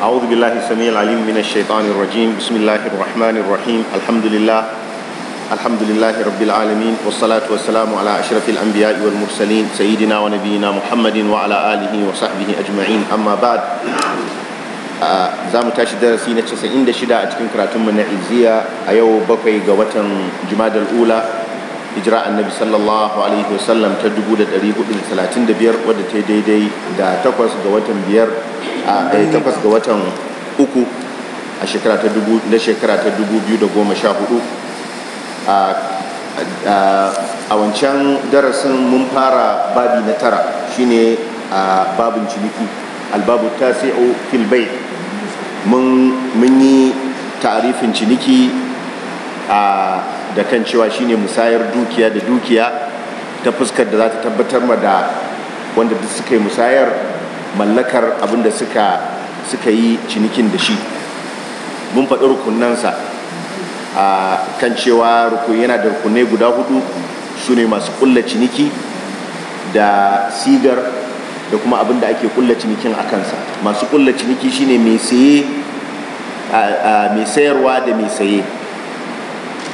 أعوذ بالله السميع العليم من الشيطان الرجيم بسم الله الرحمن الرحيم الحمد لله الحمد لله رب العالمين والصلاة والسلام على أشرف الأنبياء والمرسلين سيدنا ونبينا محمد وعلى آله وصحبه أجمعين أما بعد za mu tashi darasi na 96 a cikin karatunmu na iziya a yau bakwai ga watan jumadal ula hijira annabi sallallahu alaihi wasallam ta 1435 wadda ta daidai da takwas ga watan biyar a ɗaya takwas ga watan uku a shekara ta dubu na shekara ta dubu biyu da goma sha hudu a wancan darasin mun fara babi na tara shine a babin ciniki albabu ta sai'o filbai mun yi tarifin ciniki a da kan cewa shine musayar dukiya da dukiya ta fuskar da za ta tabbatar ma da wanda duk suka yi musayar mallakar abin da suka yi cinikin da shi mun faɗi rukunansa a kan cewa rukun yana da rukunai guda hudu su ne masu kulla ciniki da sigar da kuma abin da ake ƙulla cinikin a kansa masu ƙulla ciniki shine mai mai sayarwa da mai saye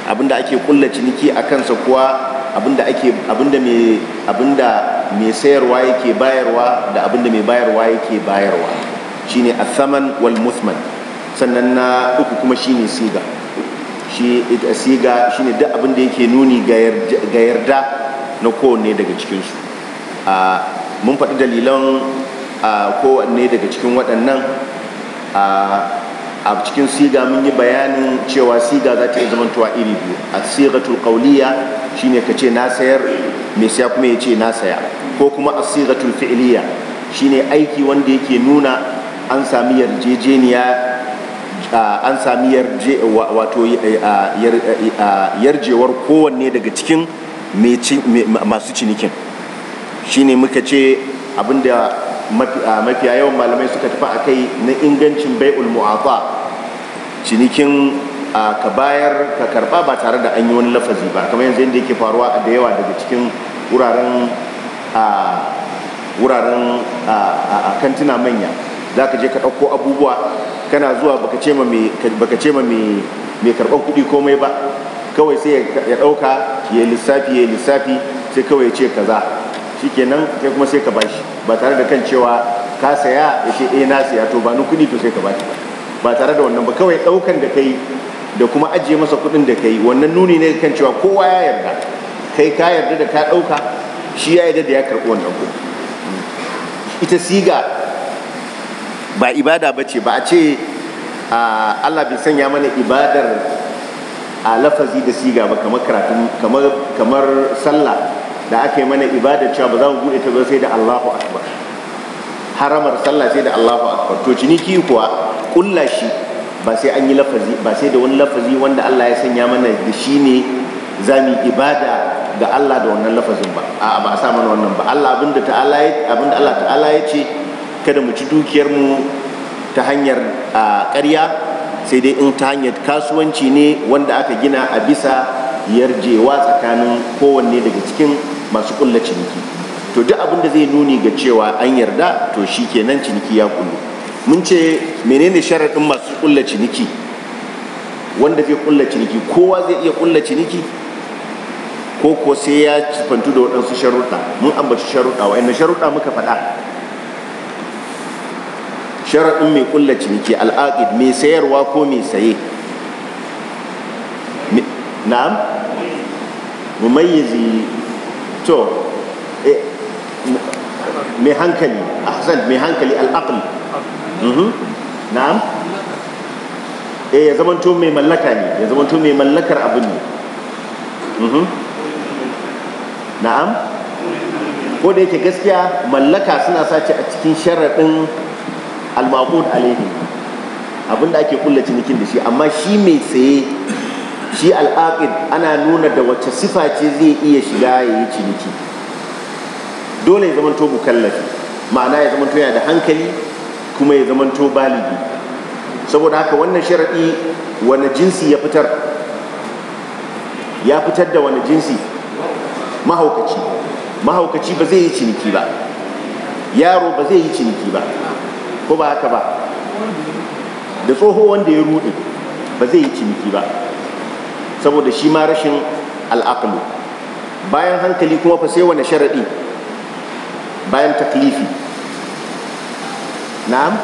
abin da ake ƙulla ciniki a kansa kuwa abinda ake abinda mai abinda mai sayarwa yake bayarwa da abinda mai bayarwa yake bayarwa shine athaman wal musman sannan na uku kuma shine siga shi siga shine duk abinda yake nuni ga yarda na kowanne daga cikinsu mun faɗi dalilan kowanne daga cikin waɗannan a cikin siga mun yi bayanin cewa siga za ta iya tuwa iri biyu a sigatul qawliya shine ka ce na sayar mai siya kuma ya ce na saya ko kuma a sigatul fi'liya shine aiki wanda yake nuna an sami yarjejeniya an sami yarjewar kowanne daga cikin masu cinikin shine muka ce abinda mafiya yawan malamai suka tafi a kai na ingancin bai mu'ata cinikin ka bayar ka karba ba tare da an yi wani lafazi ba kamar yanzu yadda yake faruwa da yawa daga cikin wuraren wuraren a kantina manya za ka je ka ɗauko abubuwa kana zuwa baka ce ma mai karɓar kuɗi komai ba kawai sai ya ɗauka ya lissafi ya lissafi sai kawai ya ce kaza shikenan sai kuma sai ka bashi ba tare da kan cewa ka saya ya ce eh na saya to ba ni kuɗi to sai ka bata ba tare da wannan ba kawai ɗaukan da kai da kuma ajiye masa kuɗin da kai wannan nuni ne kan cewa kowa ya yarda kai ka yarda da ka ɗauka shi ya yarda da ya karɓi wannan kuɗi ita siga ba ibada ba ce ba a ce Allah bai sanya mana ibadar a lafazi da siga ba kamar karatun kamar sallah da aka yi mana ibadar cewa ba za mu buɗe ta ba sai da Allahu akbar haramar sallah sai da Allahu akbar to ciniki kuwa kulla shi ba sai an yi lafazi ba sai da wani lafazi wanda Allah ya sanya mana da shi ne za mu ibada ga Allah da wannan lafazin ba a ba sa mana wannan ba Allah abinda ta'ala ya abinda Allah ta'ala ya ce kada mu ci dukiyar mu ta hanyar ƙarya sai dai in ta hanyar kasuwanci ne wanda aka gina a bisa yarjewa tsakanin kowanne daga cikin masu kulla ciniki to duk abin da zai nuni ga cewa an yarda to shi kenan ciniki ya kullu mun ce menene sharaɗin masu kulla ciniki wanda zai kulla ciniki kowa zai iya kulla ciniki ko ko sai ya cifantu da waɗansu sharuɗa mun ambaci sharuɗa wa'annan sharuɗa muka faɗa sharaɗin mai kulla ciniki al'aƙid mai sayarwa ko mai saye na'am mumayyizi to eh, mai hankali hasan mai hankali al'aql mhm. na'am eh ya zamanto mai mallaka ne ya zamanto mai mallakar abin ne mhm. na'am ko da yake gaskiya mallaka suna sace a cikin sharaɗin al-maqud alaihi abinda ake kulla cinikin da shi amma shi mai tsaye. shi al'aƙin ana nuna da wacce sifa ce zai iya shiga ya yi ciniki dole ya zamanto mukallafi ma'ana ya zamanto yana da hankali kuma ya zamanto balibi. saboda haka wannan sharaɗi wani jinsi ya fitar ya fitar da wani jinsi mahaukaci mahaukaci ba zai yi ciniki ba yaro ba zai yi ciniki ba ko ba haka ba da tsoho wanda ya rude ba zai yi ciniki ba saboda shi ma rashin al'aqlu bayan hankali kuma fa sai wani sharaɗi bayan taklifi na'am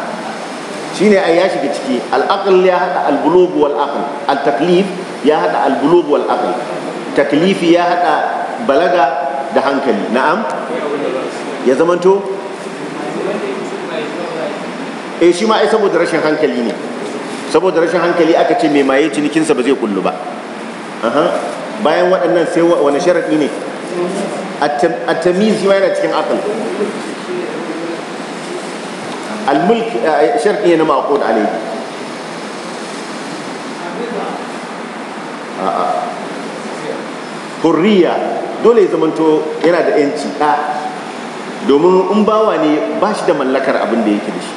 shine ai ya shiga ciki al'aql ya haɗa al-bulugh wal aql al-taklif ya haɗa al-bulugh wal aql taklifi ya haɗa balaga da hankali na'am ya zamanto eh shi ma ai saboda rashin hankali ne saboda rashin hankali aka ce mai maye cinikinsa ba zai kullu ba bayan waɗannan sai wani sharaɗi ne a tamiz yana cikin akal eh, ne na انا da عليه hurriya dole ya zamanto yana da yanci ɗa domin in bawa ne ba shi da mallakar abin da yake da shi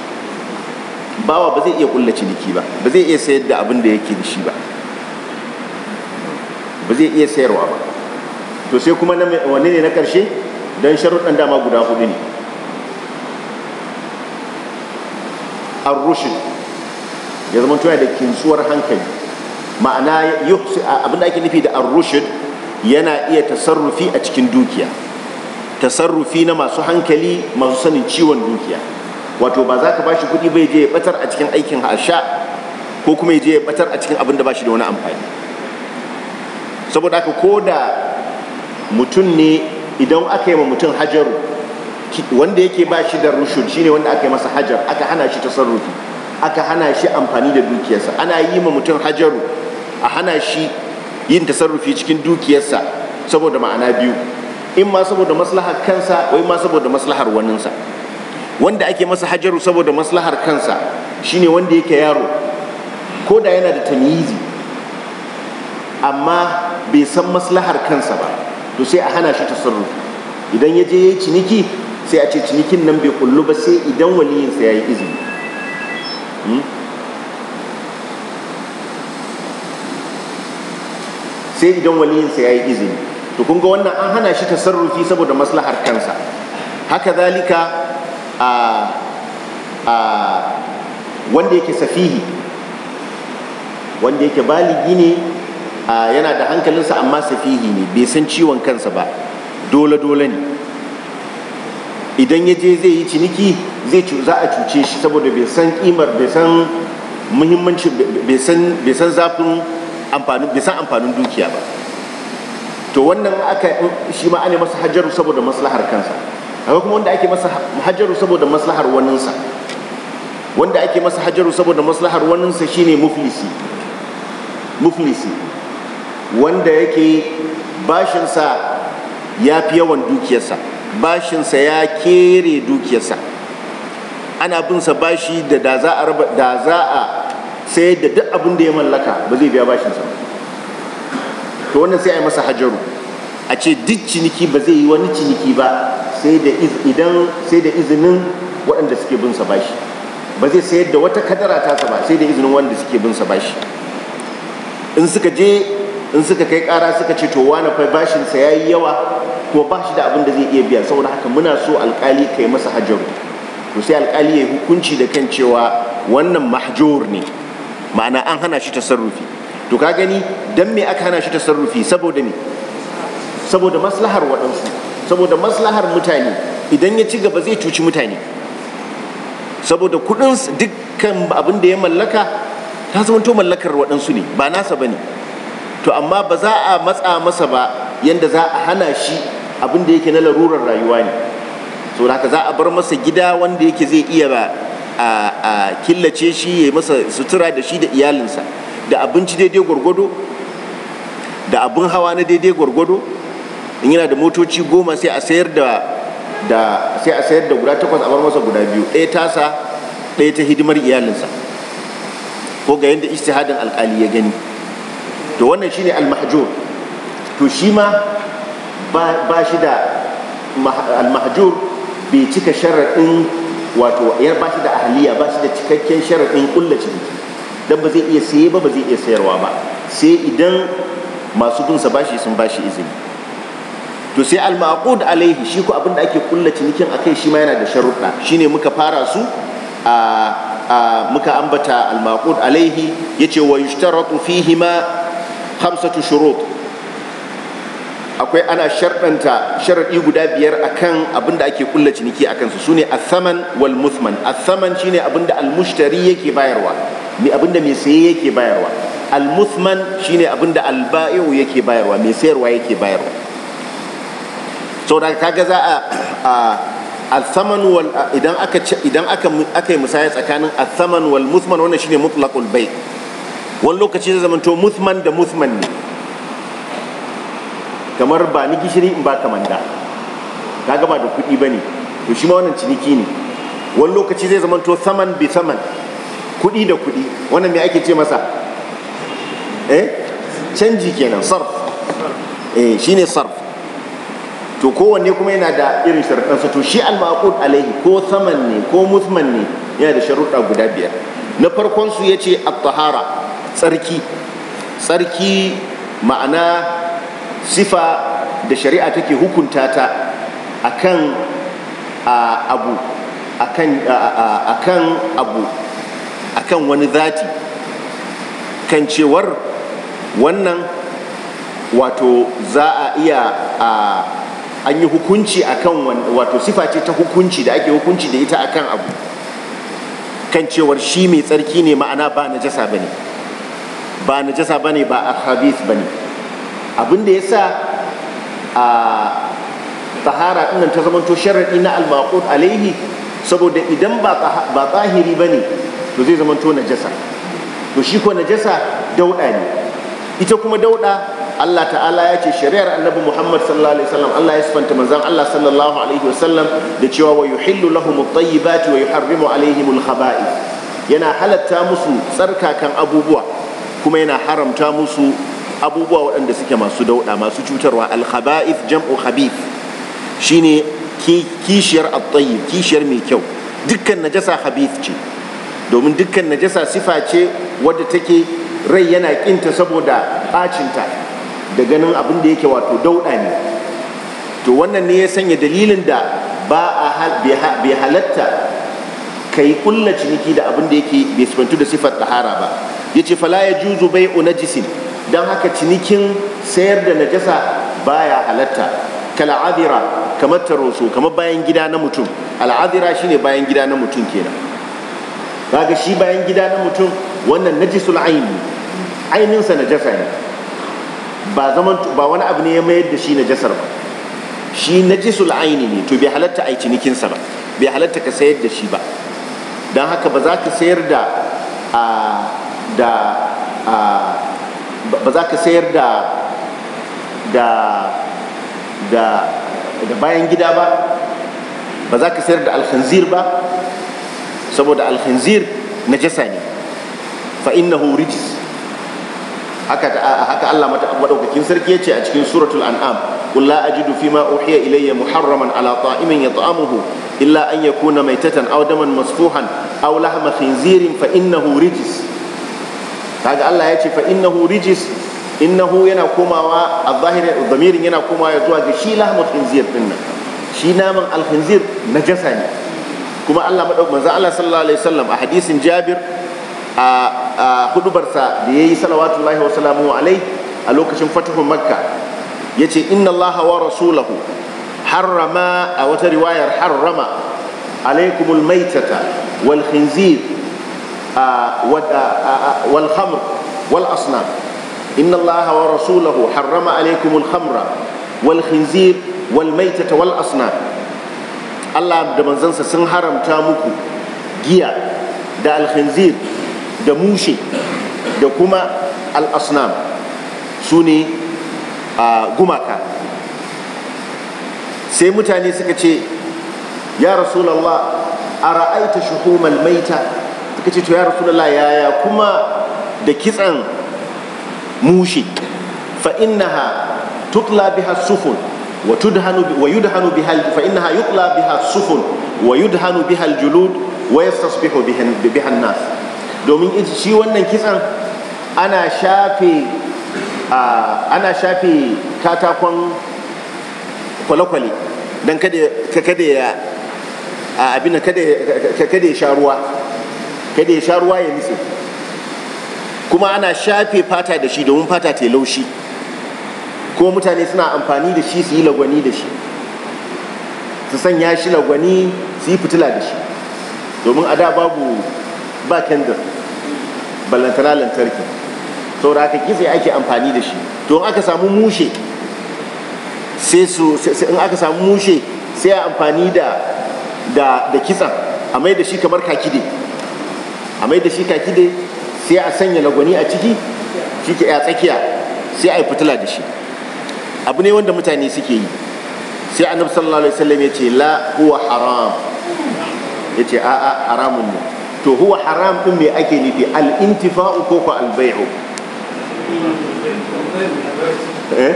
bawa ba zai iya ƙulla ciniki ba ba zai iya sayar da abin da yake da shi ba ba zai iya sayarwa ba to sai kuma wanne ne na karshe don sharuɗan dama guda hudu ne arushin ya zama tuna da kinsuwar hankali ma'ana abin da ake nufi da arushin yana iya tasarrufi a cikin dukiya tasarrufi na masu hankali masu sanin ciwon dukiya wato ba za ka ba shi kuɗi bai je ya batar a cikin aikin hasha ko kuma ya je ya batar a cikin abin da ba shi da wani amfani saboda aka koda mutum ne idan aka yi ma mutum hajaru wanda yake ba shi da rushud shine wanda aka yi masa hajar aka hana shi tasarrufi aka hana shi amfani da dukiyarsa ana yi ma mutum hajaru a hana shi yin tasarrufi cikin dukiyarsa saboda ma'ana biyu in ma saboda maslahar kansa wai ma saboda maslahar waninsa wanda ake masa hajaru saboda maslahar kansa shine wanda yake yaro ko da yana da tamizi. amma bai san maslahar kansa ba to sai a hana shi tasarrufi idan ya je ya yi ciniki sai a ce cinikin nan bai kullu ba sai idan waliyinsa ya yi izini hmm? sai idan waliyinsa ya yi izini to kun ga wannan an hana shi tasarrufi saboda maslahar kansa haka zalika a a wanda yake safihi wanda yake baligi ne yana da hankalinsa amma safihi ne bai san ciwon kansa ba dole dole ne idan ya je zai yi ciniki zai za a cuce shi saboda bai san kimar bai san muhimmanci bai san zafin amfanin bai san amfanin dukiya ba to wannan aka shi ma ana masa hajjaru saboda maslahar kansa akwai kuma wanda ake masa hajjaru saboda maslahar waninsa wanda ake masa hajjaru saboda maslahar waninsa shine muflisi muflisi wanda yake bashinsa ya fi yawan dukiyarsa bashinsa ya kere dukiyarsa ana binsa bashi da da za a da za a sai da duk abin da ya mallaka ba zai biya bashinsa to wannan sai a yi masa hajaru a ce duk ciniki ba zai yi wani ciniki ba sai da idan sai da izinin waɗanda suke binsa bashi ba zai sayar da wata kadara tasa ba sai da izinin wanda suke binsa bashi in suka je in suka kai kara suka ce to wani fa bashinsa ya yi yawa ko ba shi da abin da zai iya biya saboda haka muna so alkali kai masa hajaru to sai alƙali ya hukunci da kan cewa wannan mahjur ne ma'ana an hana shi tasarrufi to ka gani dan me aka hana shi tasarrufi saboda me saboda maslahar waɗansu saboda maslahar mutane idan ya ci gaba zai cuci mutane saboda kuɗin dukkan abin da ya mallaka ta zama to mallakar waɗansu ne ba nasa bane ne to amma ba za a matsa masa ba yadda za a hana shi abinda yake na larurar rayuwa ne so haka za a bar masa gida wanda yake zai iya ba a killace shi ya masa sutura da shi da iyalinsa da abinci daidai gwargwado da abin hawa na daidai gwargwado in yana da motoci goma sai a sayar da sai a sayar da guda takwas a bar masa guda biyu ɗaya tasa ɗaya ta hidimar iyalinsa ko ga yadda istihadin alƙali ya gani to wannan shine al-mahjur to shi ma ba shi da al-mahjur bai cika sharaɗin wato ya ba shi da ahaliya ba shi da cikakken sharaɗin kulla ciniki don ba zai iya saye ba ba zai iya sayarwa ba sai idan masu binsa bashi sun bashi izini to sai al-maqud alaihi shi ko abinda ake kulla cinikin akai shi ma yana da sharuɗa shine muka fara su a muka ambata al-maqud alaihi yace wa yushtaratu fihi ma hamsatu shurut akwai ana sharɗanta sharaɗi guda biyar akan abinda ake kulla ciniki a kansu ne athaman wal muthman athaman shine abinda almushtari yake bayarwa mai abinda mai saye yake bayarwa almuthman shine abinda alba'i'u yake bayarwa mai sayarwa yake bayarwa sau da kaga za a athaman wal idan aka idan aka aka yi musaya tsakanin athaman wal muthman wannan shine mutlaqul bai' wani lokaci zai zamanto muthman da muthman ne kamar ba ni gishiri in ba kamanda ka gaba da kuɗi ba ne to shi ma wannan ciniki ne wani lokaci zai zamanto saman bi saman kuɗi da kuɗi wannan me ake ce masa eh canji kenan sarf eh shine sarf to kowanne kuma yana da irin sharuɗansa to shi al-maqud alaihi ko saman ne ko muthman ne yana da sharuɗa guda biyar na farkon su yace at-tahara tsarki tsarki ma'ana sifa da shari'a take hukunta ta kan abu akan abu akan wani zati kan cewar wannan wato za a iya an yi hukunci akan wato sifa ce ta hukunci da ake hukunci da ita akan abu kan cewar shi mai tsarki ne ma'ana ba na jasa ba ne ba najasa bane ba habis ba bane abin da yasa a tahara dinnan ta zamanto sharadi na al-maqut alaihi saboda idan ba ba ne bane to zai zamanto najasa to shi ko najasa dauɗa ne ita kuma dauɗa Allah ta'ala ya ce shari'ar annabi Muhammad sallallahu alaihi wasallam Allah ya sifanta manzon Allah sallallahu alaihi wasallam da cewa wa yuhillu lahum at-tayyibati wa yuharrimu alaihim al-khaba'ith yana halatta musu tsarkakan abubuwa kuma yana haramta musu abubuwa waɗanda suke masu dauɗa masu cutarwa alhaba'if jam'u habif shine kishiyar at-tayyib kishiyar mai kyau dukkan najasa habif ce domin dukkan najasa sifa ce wadda take rai yana kinta saboda bacinta da ganin abin da yake wato dauɗa ne to wannan ne ya sanya dalilin da ba a bai halatta kai kulla ciniki da abin da yake bai sifantu da sifar tahara ba ce fala yajuzu bai'u najisin don haka cinikin sayar da najasa baya halatta kala kamar taroso kamar bayan gida na mutum shi shine bayan gida na mutum kenan kaga shi bayan gida na mutum wannan najisul aini sa najasa ne ba zaman ba wani abu ne ya mayar da shi najasar ba shi najisul aini ne to bai halatta a cinikinsa ba bai halatta ka sayar da shi ba don haka ba za ka sayar da a ah, da ba za ka sayar da da bayan gida ba ba za ka sayar da alkhanzir ba saboda alkhanzir jasa ne fa innahu rijis haka haka Allah madaukakin sarki yace a cikin suratul an'am قل لا أجد فيما أوحي إلي محرما على طائم يطعمه إلا أن يكون ميتة أو دما مسفوحا أو لحم خنزير فإنه رجس kaga Allah ya ce fa innahu rijis innahu yana komawa a zahirin zamirin yana komawa ya zuwa ga shi lahmul khinzir din nan shi naman na najasa ne kuma Allah madau manzo Allah sallallahu alaihi wasallam a hadisin Jabir a hudubarsa da yayi salawatullahi wa salamu alaihi a lokacin fatuhu makka yace inna Allah wa rasulahu harrama a wata riwayar harrama alaikumul maitata wal khinzir wal khamr wal asnam inna allaha wa rasulahu harrama alaikum al khamra wal khinzir wal maitata Allah da manzansa sun haramta muku giya da al da mushe da kuma al asnam su gumaka sai mutane suka ce ya rasulallah a ra'aita shuhumal maita suka ce to ya rasulullah yaya kuma da kitsan mushi fa innaha tutla biha sufun wa tudhanu wa yudhanu biha fa innaha yutla biha sufun wa yudhanu biha julud wa yastasbihu biha nas domin shi wannan kitsan ana shafe ana shafe katakon kwale-kwale don kada ya abin kada ya sha ruwa kada ya sha ruwa ya nutse kuma ana shafe fata da shi domin fata ta laushi ko mutane suna amfani da shi su yi lagwani da shi su sanya shi lagwani su yi fitila da shi domin a da babu ba kendir ballantana lantarki saboda haka kitse ake amfani da shi to aka samu mushe sai su in aka a amfani da da a mai da shi kamar kakide a mai da shi kaki dai sai a sanya lagwani a ciki shi ke a tsakiya sai a yi fitila da shi abu ne wanda mutane suke yi sai annabi sallallahu alaihi wasallam ya ce la huwa haram ya ce a a haramun ne to huwa haram din me ake nufi al intifa'u ko ko al bai'u eh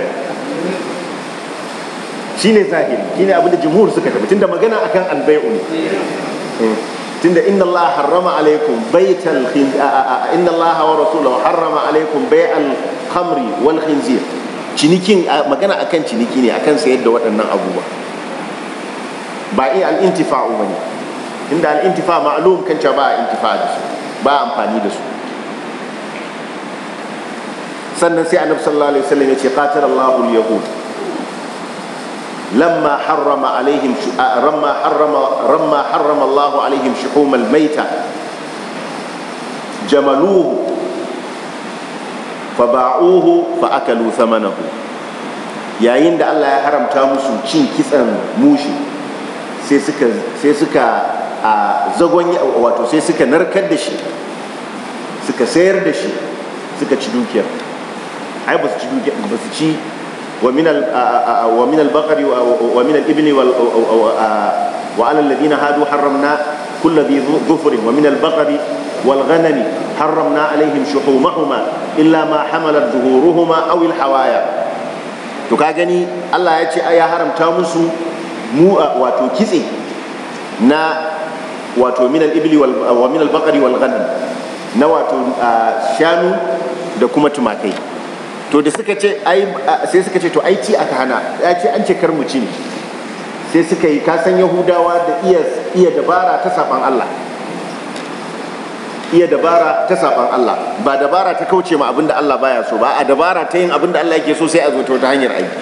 shine zahiri shine abinda jumhur suka tabbata tunda magana akan al bai'u ne eh. tunda inna Allah harrama alaikum baital inna Allah wa rasuluhu harrama alaikum bai'al khamri wal khinzir cinikin magana akan ciniki ne akan sayar da waɗannan abubuwa ba iya al-intifa'u bane inda al-intifa ma'lum kan cewa ba intifa da su ba amfani da su sannan sai annabi sallallahu alaihi wasallam ya ce qatala Allahu al-yahud لما حرم عليهم ش... رما حرم رما حرم الله عليهم شحوم الميتة جملوه فباعوه فأكلوا ثمنه يا يند الله يا حرم تامسو تشين كسان موشي سيسكا سيسكا زغوني واتو سيسكا نركد دشي سكا سير دشي سكا تشدوكيا بس ba su ci ومن البقر ومن الابن وعلى الذين هادوا حرمنا كل ذي ظفر ومن البقر والغنم حرمنا عليهم شحومهما الا ما حملت ظهورهما او الحوايا to ka gani Allah ya ce ya haramta musu mu wato kitse na wato min al ibli wal wa min al baqari wal ghanam na wato shanu da kuma tumakai to da suka ce ai sai suka ce to ai ci aka hana ya ce an ce kar mu ci ne sai suka yi kasan yahudawa da iya iya dabara ta saban Allah iya dabara ta saban Allah ba dabara ta kauce ma abinda Allah baya so ba a dabara ta yin abinda Allah yake so sai a zo ta hanyar aiki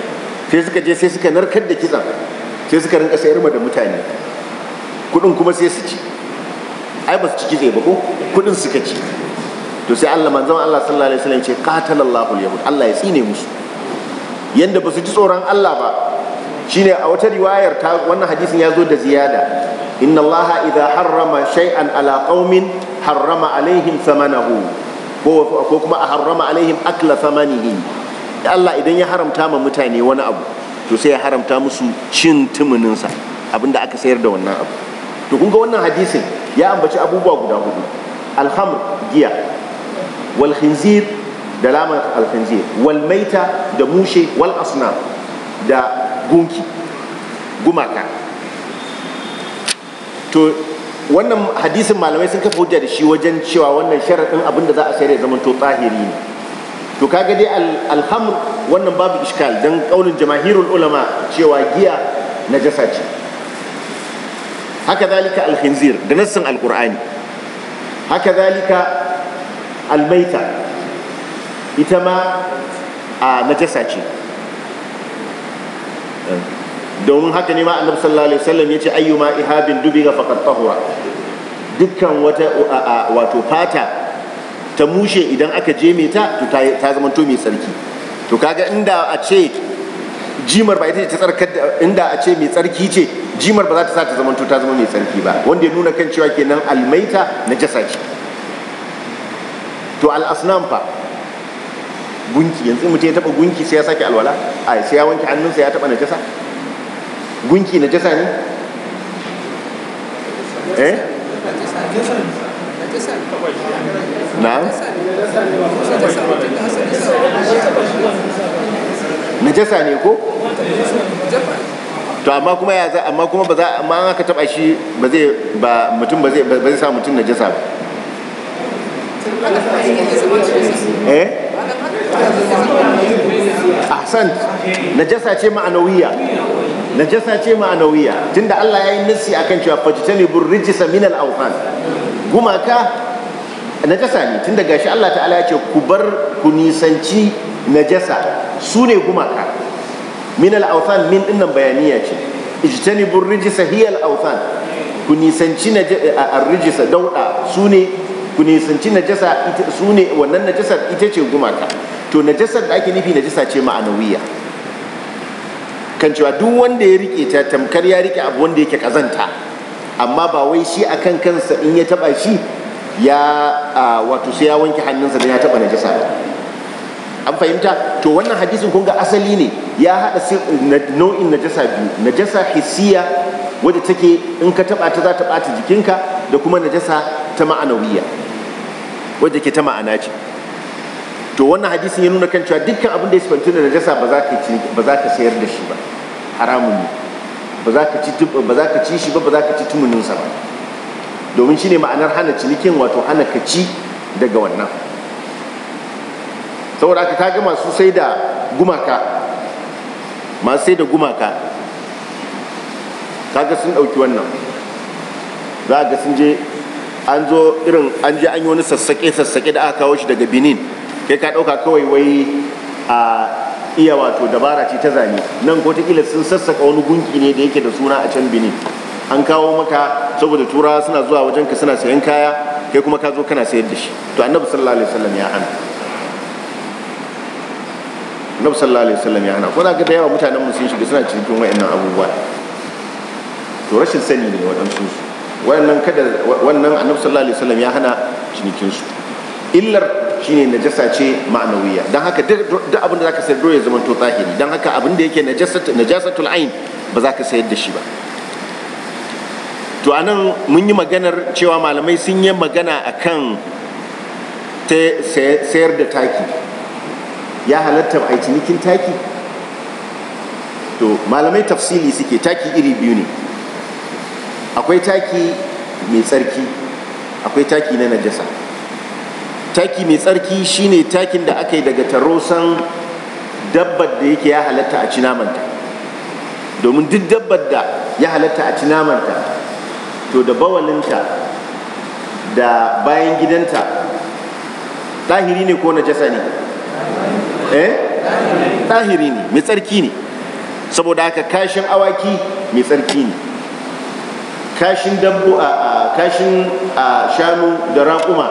sai suka je sai suka narkar da kitsan sai suka rinka sayar da mutane kudin kuma sai su ci ai ba su ci kitse ba ko kudin suka ci to sai Allah manzon Allah sallallahu alaihi wasallam ce qatalallahu al-yahud Allah ya tsine musu yanda ba su ji tsoron Allah ba shine a wata riwayar ta wannan hadisin ya zo da ziyada inna allaha idha harrama shay'an ala qaumin harrama alaihim thamanahu ko ko kuma harrama alaihim akla thamanihi Allah idan ya haramta ma mutane wani abu to sai ya haramta musu cin tumunin sa abinda aka sayar da wannan abu to kun ga wannan hadisin ya ambaci abubuwa guda hudu alhamd giya wal khinzir da lamar al khinzir da mushe wal asnam da gunki gumaka to wannan hadisin malamai sun kafa hujja da shi wajen cewa wannan sharaɗin abin da za a sayar ya zama to tsahiri ne to kaga dai alhamr wannan babu iskal dan ƙaunin jamahirul ulama cewa giya najasa ce haka zalika alhinzir da nassin Alƙur'ani haka zalika almaita ita ma a najasa ce domin haka ne ma annabi sallallahu alaihi wasallam yace ayyuma ihabin ga faqad tahura dukkan wata wato fata ta mushe idan aka jeme ta to ta zama to mai tsarki to kaga inda a ce jimar ba ita ce ta tsarkar inda a ce mai tsarki ce jimar ba za ta sa ta zama to ta zama mai tsarki ba wanda ya nuna kan cewa kenan almaita najasa ce to al'asnam fa gunki yanzu mutum ya taba gunki sai ya sake alwala a sai ya wanke hannunsa ya taba najasa gunki najasa ne eh na najasa ne ko to amma kuma ya za amma kuma ba za amma aka taba shi ba zai ba mutum ba zai ba zai sa mutum najasa ba eh ahsan najasa ce ma'anawiya najasa ce ma'anawiya tunda Allah ya yi a akan cewa fajtanibur rijsa minal awhan gumaka najasa ne tunda gashi Allah ta'ala ya ce ku bar ku nisanci najasa su ne gumaka minal awhan min dinnan bayaniya ce ijtanibur rijsa hiyal awhan ku nisanci najasa ar-rijsa dauda su ne ku nisanci najasa su ne wannan najasar ita ce gumaka to najasar da ake nufi najasa ce ma'anawiya kan cewa duk wanda ya rike ta tamkar ya rike abu wanda yake kazanta amma ba wai shi akan kansa in ya taba shi ya wato sai ya wanke hannunsa da ya taba najasa an fahimta to wannan hadisin kun ga asali ne ya haɗa nau'in najasa biyu najasa hissiya wadda take in ka taba ta za ta ɓata jikinka da kuma najasa ta ma'anawiya wadda ke ta ma'ana ce to wannan hadisin ya nuna kan cewa dukkan abin da ya sifanci da najasa ba za ka sayar da shi ba haramun ne ba za ka ci ba za ka ci shi ba ba za ka ci tumunin sa ba domin shine ma'anar hana cinikin wato hana ka ci daga wannan saboda haka kaga masu sai da gumaka masu sai da gumaka kaga sun ɗauki wannan za ga sun je an zo irin an je an yi wani sassaƙe sassaƙe da aka kawo shi daga benin kai ka ɗauka kawai wai a iya wato dabara ce ta zane nan ko kila sun sassaƙa wani gunki ne da yake da suna a can benin an kawo maka saboda turawa suna zuwa wajen ka suna sayan kaya kai kuma ka zo kana sayar da shi to annabi sallallahu alaihi wasallam ya hana annabi sallallahu alaihi wasallam ya hana ko ka da yawa mutanen mu sun shiga suna cikin wayannan abubuwa to rashin sani ne waɗansu su wannan kada wannan annabi sallallahu alaihi wasallam ya hana cinikin su illar shine najasa ce ma'anawiya dan haka duk abin da zaka sayar dole ya zama to zahiri dan haka abin da yake najasatu najasatul ain ba zaka sayar da shi ba to anan mun yi maganar cewa malamai sun yi magana akan ta sayar da taki ya halatta a cinikin taki to malamai tafsili suke taki iri biyu ne akwai taki mai tsarki akwai taki na najasa taki mai tsarki shine takin da aka yi daga tarosan dabbar da yake ya halatta a ci namanta domin duk dabbar da ya halatta a ci namanta to da bawalinta da bayan gidanta tahiri ne ko najasa ne eh ne mai tsarki ne saboda haka kashin awaki mai tsarki ne kashin dabbo a kashin shanu da raƙuma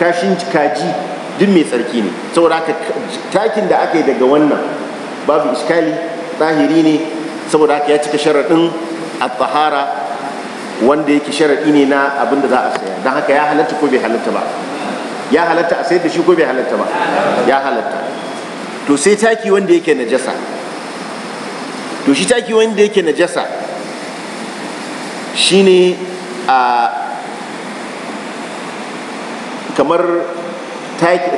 kashin kaji duk mai tsarki ne saboda haka takin da aka yi daga wannan babu iskali tsahiri ne saboda haka ya cika sharaɗin a tahara wanda yake sharaɗi ne na abin da za a saya don haka ya halatta ko bai halatta ba ya halatta a sayar da shi ko bai halatta ba ya halatta to sai taki wanda yake najasa to shi taki wanda yake najasa shine a kamar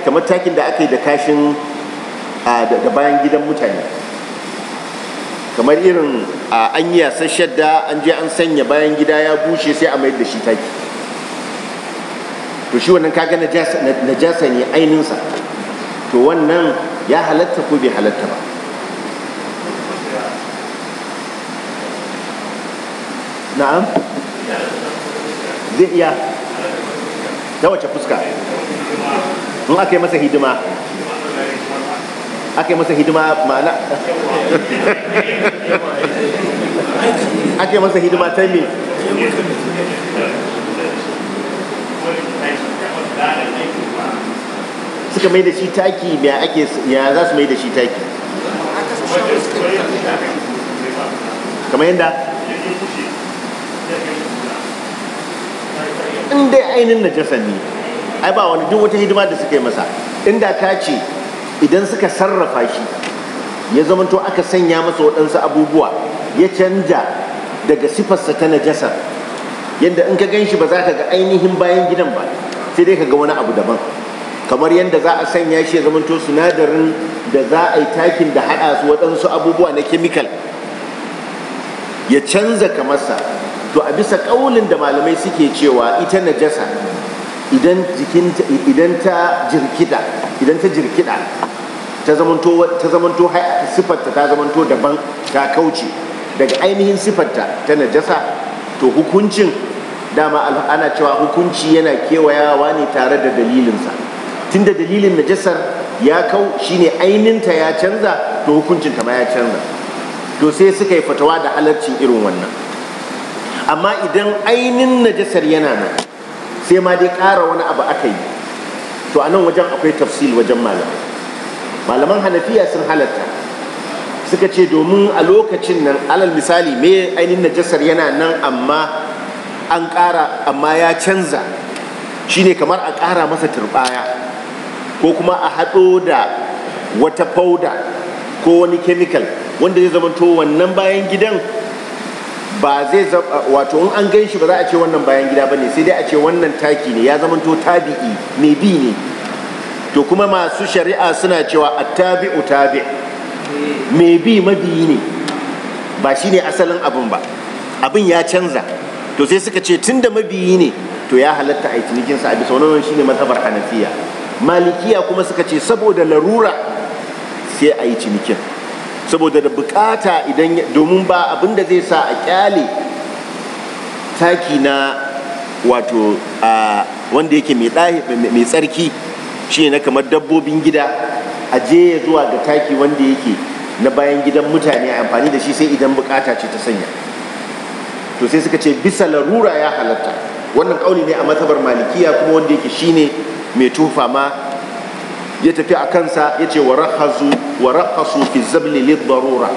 kamar takin da aka yi da kashin da bayan gidan mutane kamar irin an yi yasar shadda an je an sanya bayan gida ya bushe sai a mayar da shi taki to shi wannan kaga jasa ne ainihinsa to wannan ya halatta ko bai halatta ba na'am zai iya ta wace fuska in aka yi masa hidima aka yi masa hidima ma'ana aka yi masa hidima ta me suka mai da shi taki ya za su mai da shi taki kamar yadda in dai ainihin na ne ai ba wani duk wata hidima da suka yi masa inda ta ce idan suka sarrafa shi ya zamanto aka sanya masa waɗansu abubuwa ya canja daga sifarsa ta najasa yadda in ka gan shi ba za ka ga ainihin bayan gidan ba sai dai ka ga wani abu daban kamar yadda za a sanya shi ya zamanto sinadarin da za a yi takin da haɗa su waɗansu abubuwa na kemikal ya canza kamarsa to a bisa ƙaulin da malamai suke cewa ita najasa idan idan ta jirkida idan ta jirkida ta zamanto ta zamanto sifarta ta zamanto daban ta kauce daga ainihin sifarta ta najasa to hukuncin dama ana cewa hukunci yana kewayawa ne tare da dalilinsa tunda dalilin najasar ya kau shine ta ya canza to hukuncinta ma ya canza to sai suka yi fatawa da halarcin irin wannan amma idan ainin najasar yana nan sai ma dai ƙara wani abu aka yi to a nan wajen akwai tafsil wajen malamai malaman halafiya sun halatta suka ce domin a lokacin nan alal misali me ainihin najasar yana nan amma an ƙara amma ya canza shine kamar a ƙara masa turbaya ko kuma a haɗo da wata fauda ko wani kemikal wanda zai zamanto wannan bayan gidan ba zai wato in an gan shi ba za a ce wannan bayan gida ba ne sai dai a ce wannan taki ne ya zamanto tabi'i mai bi ne to kuma masu shari'a suna cewa tabi'u tabi' mai bi mabiyi ne ba shi ne asalin abin ba abin ya canza to sai suka ce tun da mabiyi ne to ya halatta a yi cinikinsa a bisa shi shine mazhabar hanafiya malikiya kuma suka ce saboda larura sai a yi cinikin saboda da bukata idan domin ba abin da zai sa a kyale taki na wato wanda yake mai tsarki shi na kamar dabbobin gida a je ya zuwa ga taki wanda yake na bayan gidan mutane amfani da shi sai idan bukata ce ta sanya to sai suka ce bisa larura ya halatta wannan kauli ne a matsabar malikiya kuma wanda yake shine mai tufa ma ya tafi a kansa ya ce wa rahazu wa rahasu fi zabli lid darura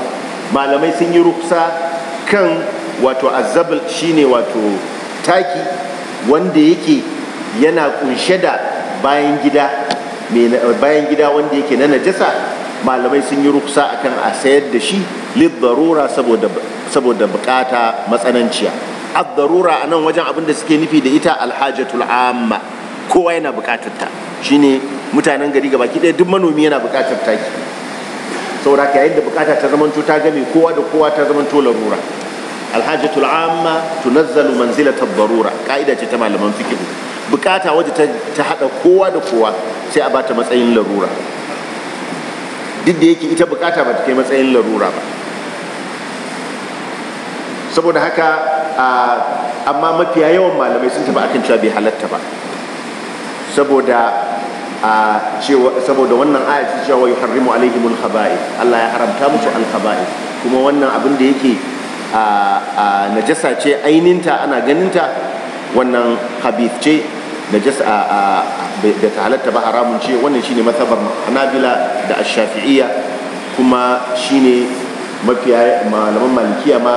malamai sun yi ruksa kan wato azabl shine wato taki wanda yake yana kunshe da bayan gida bayan gida wanda yake na najasa malamai sun yi ruksa akan a sayar da shi lid darura saboda saboda bukata matsananciya ad-darura anan wajen abin da suke nufi da ita alhajatul amma kowa yana bukatar ta shine mutanen gari ga baki ɗaya duk manomi yana buƙatar taki saboda ka yayin da buƙata ta to ta game kowa da kowa ta to larura alhajatul amma tunazzalu manzila tabbarura ka'ida ce ta malaman fikihu buƙata wadda ta haɗa kowa da kowa sai a bata matsayin larura duk da yake ita buƙata ba ta kai matsayin larura ba saboda haka amma mafiya yawan malamai sun tafi akan cewa bai halatta ba saboda a cewa saboda wannan aya ce cewa yuharrimu alaihimul khaba'i Allah ya haramta musu al kuma wannan abin da yake a najasa ce aininta ana ganinta wannan habith ce najasa da ta halatta ba haramun ce wannan shine mazhabar Hanabila da Ash-Shafi'iyya kuma shine mafiya malaman malikiya ma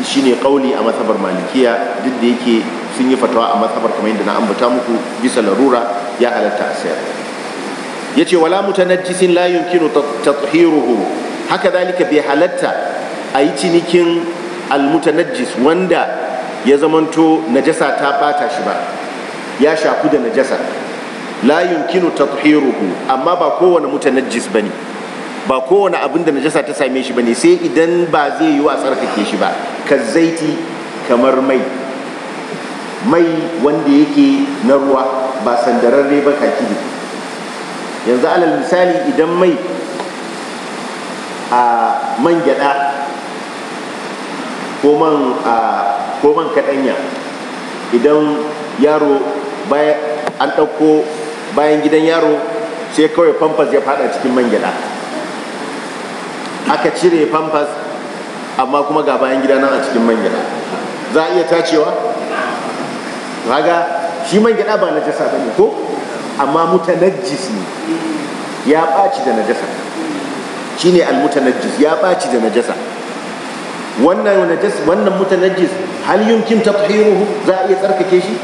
shine kauli a mazhabar malikiya duk da yake sun yi fatawa a mazhabar kamar yadda na ambata muku bisa larura ya halatta a sayar ce wala mutanajjisin kino ta tathiruhu haka zalika bai halatta a yi cinikin almutanajjis wanda ya zamanto najasa ta bata shi ba ya shaku da najasa kino ta tathiruhu amma ba kowane mutanajjis bane ba kowane abin da najasa ta same shi ba ne sai idan ba zai yi wa tsarkake shi ba ka zaiti kamar mai mai wanda yake na ruwa ba sandararre ba kaki ne yanzu alal misali idan mai a man gyada ko man kaɗanya idan yaro an ɗauko bayan gidan yaro sai kawai pampas ya fada cikin man gyada aka cire famfas amma kuma ga bayan gida nan a cikin man gyada za a iya tacewa raga shi man gyada ba najasa bane ko amma mutanajjis ne ya ɓaci da najasa shine almutanajjis ya ɓaci da najasa wannan najas wannan mutanajjis hal yumkin tathiruhu za a iya tsarkake shi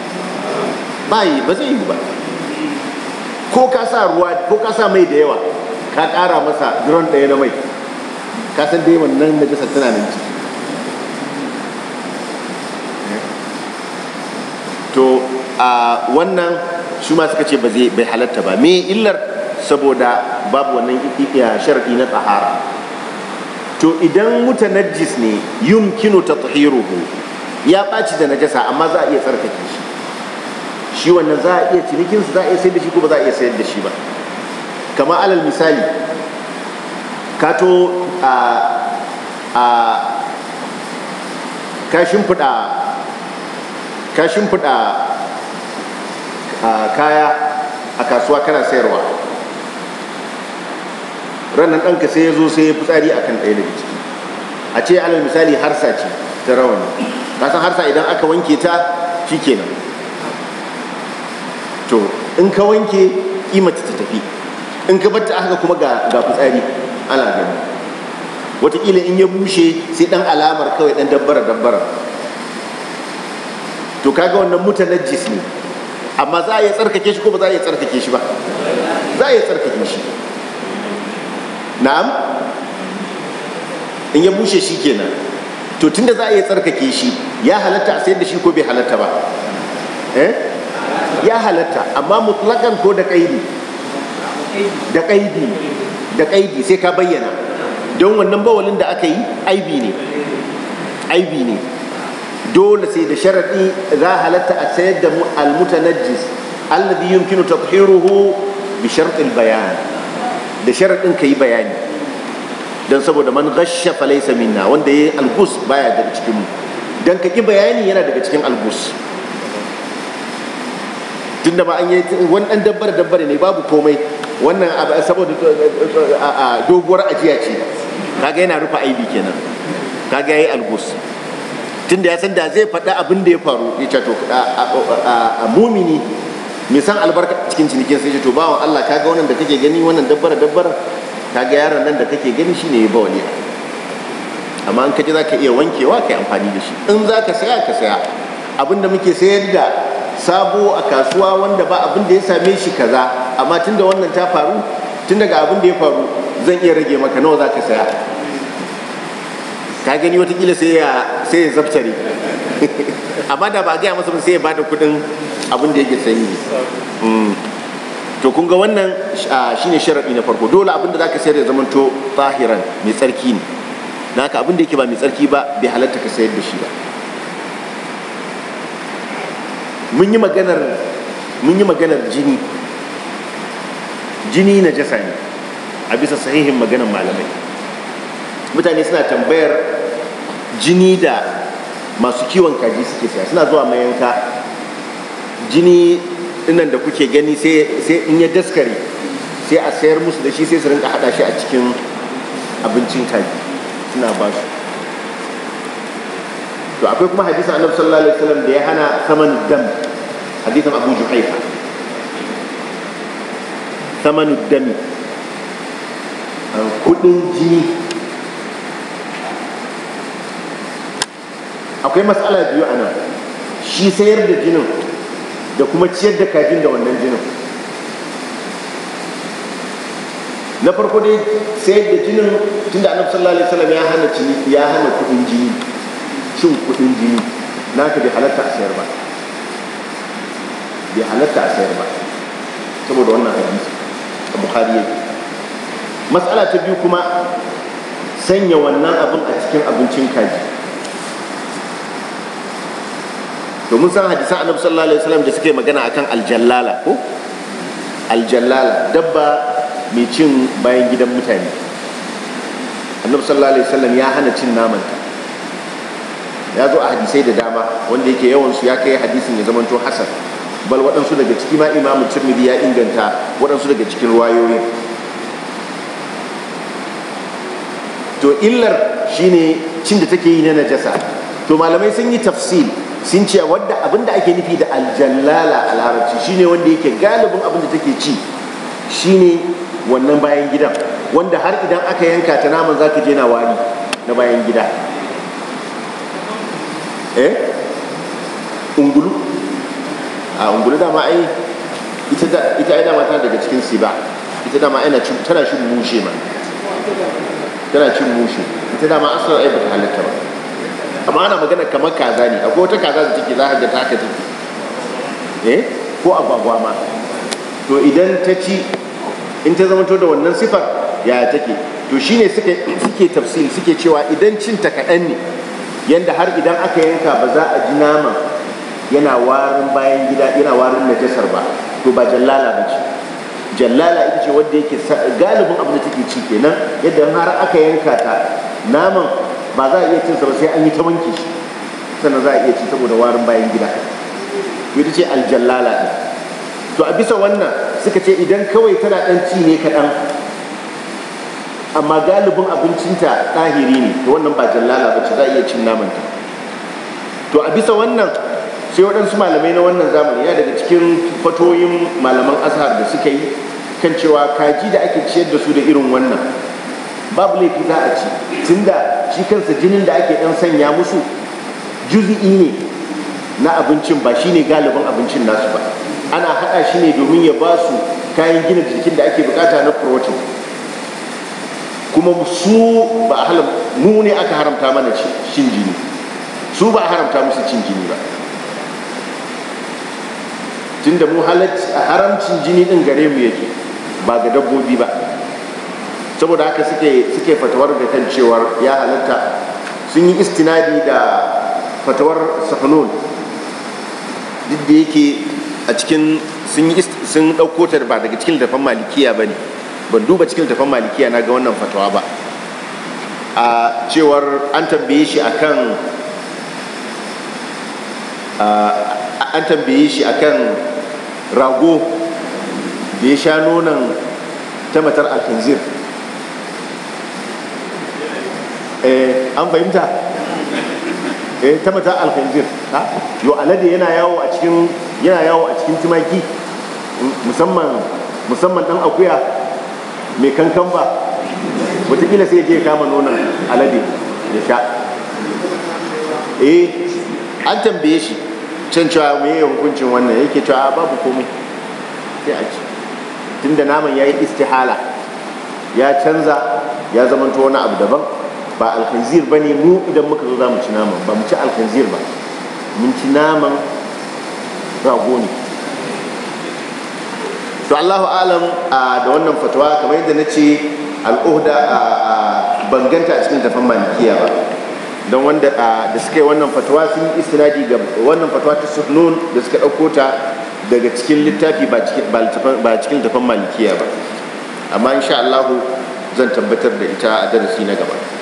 ba yi ba zai yi ba ko ka sa ruwa ko ka sa mai da yawa ka kara masa duron ɗaya na mai ka san dai wannan najasa tana nan ciki a wannan su ma suka ce ba zai bai halatta ba me illar saboda babu wannan sharadi na tsahara to idan najis ne yumkinu tahiruhu ya ɓaci da najasa amma za a iya tsarkake shi shi wannan za a iya cinikinsa za a iya sayar da shi ko ba za a iya sayar da shi ba kama alal misali kato a a ka fuda A kaya a kasuwa kana sayarwa rannan ɗanka sai ya zo sai ya fitsari a kan ɗaya daga ciki a ce alal misali harsa ce ta rawani kasan harsa idan aka wanke ta shi kenan to in ka wanke kimata ta tafi in ka batta haka kuma ga fitsari ana gani wataƙila in ya bushe sai ɗan alamar kawai dan dabbara dabbara to kaga wannan mutanajjis ne amma za a yi tsarkake shi ko ba za a yi tsarkake shi ba za a yi tsarkake shi na'am in ya bushe shi kenan to tunda za a yi tsarkake shi ya halatta a sayar da shi ko bai halatta ba eh? ya halatta amma mutlakan ko da kaidi da kaidi da kaidi sai ka bayyana don wannan bawalin da aka yi aibi ne aibi ne dole sai da sharaɗi za halatta a sayar da almutanajjis alladhi yumkinu tadhiruhu bi shartil bayan da ka kai bayani dan saboda man ghashsha falaysa minna wanda yayi algus baya daga cikin mu dan ka ki bayani yana daga cikin algus tunda ba an yi wani dan dabbar dabbar ne babu komai wannan saboda doguwar ajiya ce kaga yana rufe aibi kenan kaga yayi algus tunda ya san da zai faɗa abin da ya faru ya ce to a mumini mai san albarka cikin cinikin sai ce to bawa Allah kaga wannan da kake gani wannan dabbara dabbara kaga yaron nan da kake gani shine ya bawali amma in ka ji zaka iya wankewa kai amfani da shi in zaka saya ka saya abin da muke sayar da sabo a kasuwa wanda ba abin da ya same shi kaza amma tunda wannan ta faru tun daga abin da ya faru zan iya rage maka nawa zaka saya ka gani watakila sai ya sai ya zabtare amma da ba a gaya masa sai ya bada kudin abin da yake sanyi mm. to kun ga wannan shine sharaɗi na farko dole abin da zaka sayar ya zamanto tahiran mai tsarki ne na ka abin da yake ba mai tsarki ba bai halatta ka sayar da shi ba mun yi maganar mun yi maganar jini jini na jasa ne a bisa sahihin maganar malamai mutane suna tambayar jini da masu kiwon kaji suke saya suna zuwa mayanka jini inan da kuke gani sai in ya daskare sai a sayar musu da shi sai su rinka hada shi a cikin abincin kaji suna ba su to akwai kuma hadisin annabi sallallahu alaihi wasallam da ya hana saman dam hadisin abu juhaifa saman dami kudin jini akwai matsala biyu a nan shi sayar da jinin da kuma ciyar da kajin da wannan jinin na farko dai sayar da jinin tunda annabi sallallahu alaihi wasallam ya hana cini ya hana kudin jini shin kudin jini naka bai halatta a sayar ba bai halatta a sayar ba saboda wannan hadisi a bukhari yake matsala ta biyu kuma sanya wannan abin a cikin abincin kaji domin san hadisan annabi sallallahu alaihi wasallam da suke magana akan aljallala ko aljallala dabba mai cin bayan gidan mutane annabi sallallahu alaihi wasallam ya hana cin naman ya zo a hadisai da dama wanda yake yawan su ya kai hadisin ya zamanto hasan bal waɗansu daga ciki ma imamu tirmidhi ya inganta waɗansu daga cikin ruwayoyin to illar shine cin da take yi na najasa to malamai sun yi tafsil sun ce wadda abinda ake nufi da aljallala a larabci shine wanda yake galibin abin da take ci shine wannan bayan gidan wanda har idan aka yanka ta naman za ka je na wari na bayan gida eh ungulu a ungulu dama ai ita ai dama tana daga cikin siba ita dama ana tana cin mushe ma tana cin mushe ita dama asalin ai bata halitta ba amma ana magana kamar kaza ne akwai wata kaza da take za ka ga ta haka take eh ko agwagwa ma to idan ta ci in ta zama da wannan sifar yaya take to shine suke suke tafsiri suke cewa idan cin ta kaɗan ne yanda har idan aka yanka ba za a ji naman yana warin bayan gida yana warin najasar ba to ba jallala ba ce jallala ita ce wadda yake galibin abin da take ci kenan yadda har aka yanka ta naman ba za a iya cinsa ba sai an yi ta wanke shi sannan za a iya ci saboda warin bayan gida yadda ce aljallala ɗin to a bisa wannan suka ce idan kawai tana ɗan ci ne kaɗan amma galibin abincinta ɗahiri ne to wannan ba jallala ba ce za a iya cin namanta to a bisa wannan sai waɗansu malamai na wannan zamani ya daga cikin fatoyin malaman azhar da suka yi kan cewa kaji da ake ciyar da su da irin wannan babu laifi za a ci tunda shi kansa jinin da ake ɗan sanya musu juzi'i ne na abincin ba shine galibin abincin nasu ba ana haɗa shi ne domin ya ba su kayan gina jikin da ake bukata na protein kuma su ba mu ne aka haramta mana cin jini su ba haramta musu cin jini ba tunda mu haramcin jini ɗin gare mu yake ba ga dabbobi ba saboda haka suke suke fatawar da kan cewar ya halatta sun yi istinadi da fatawar safanon duk da yake a cikin sun yi sun ɗauko ta ba daga cikin littafin malikiya ba ne ban duba cikin dafan malikiya na ga wannan fatawa ba a cewar an tambaye shi akan an tambaye shi akan rago da ya sha nonon ta matar alkanzir Eh, an fahimta eh ta mata alkhanzir ha alade yana yawo a cikin yana yawo a tumaki musamman musamman dan akuya mai kankan ba kila sai je kama nonon alade ya sha eh an tambaye shi can cewa me ya hukuncin wannan yake cewa babu komai sai a ci tunda naman ya yi istihala ya canza ya zamanto wani abu daban ba alkhanzir ba ne mu idan muka zo za mu ci naman ba mu ci alkhanzir ba mun ci naman rago ne to allahu alam da wannan fatawa kamar yadda na ce al'uhda banganta a cikin tafan malikiya ba don wanda da suka yi wannan fatawa sun yi istinadi ga wannan fatawa ta sunun da suka ɗauko ta daga cikin littafi ba cikin tafan malikiya ba amma insha allahu zan tabbatar da ita a darasi na gaba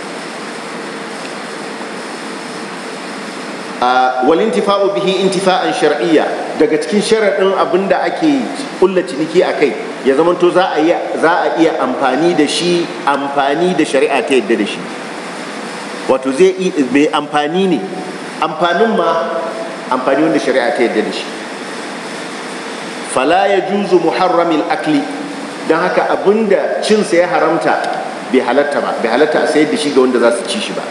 a intifa'u bihi intifa'an shar'iyya daga cikin sharaɗin abinda da ake kulla ciniki a kai ya zamanto za a iya amfani da shi amfani da shari'a ta yadda da shi wato zai mai amfani ne amfanin ma amfani wanda shari'a ta yadda da shi fala ya juzu muharramin akli don haka abinda cinsa ya haramta bai halatta ba bai halatta a sayar da shi ga wanda za su ci shi ba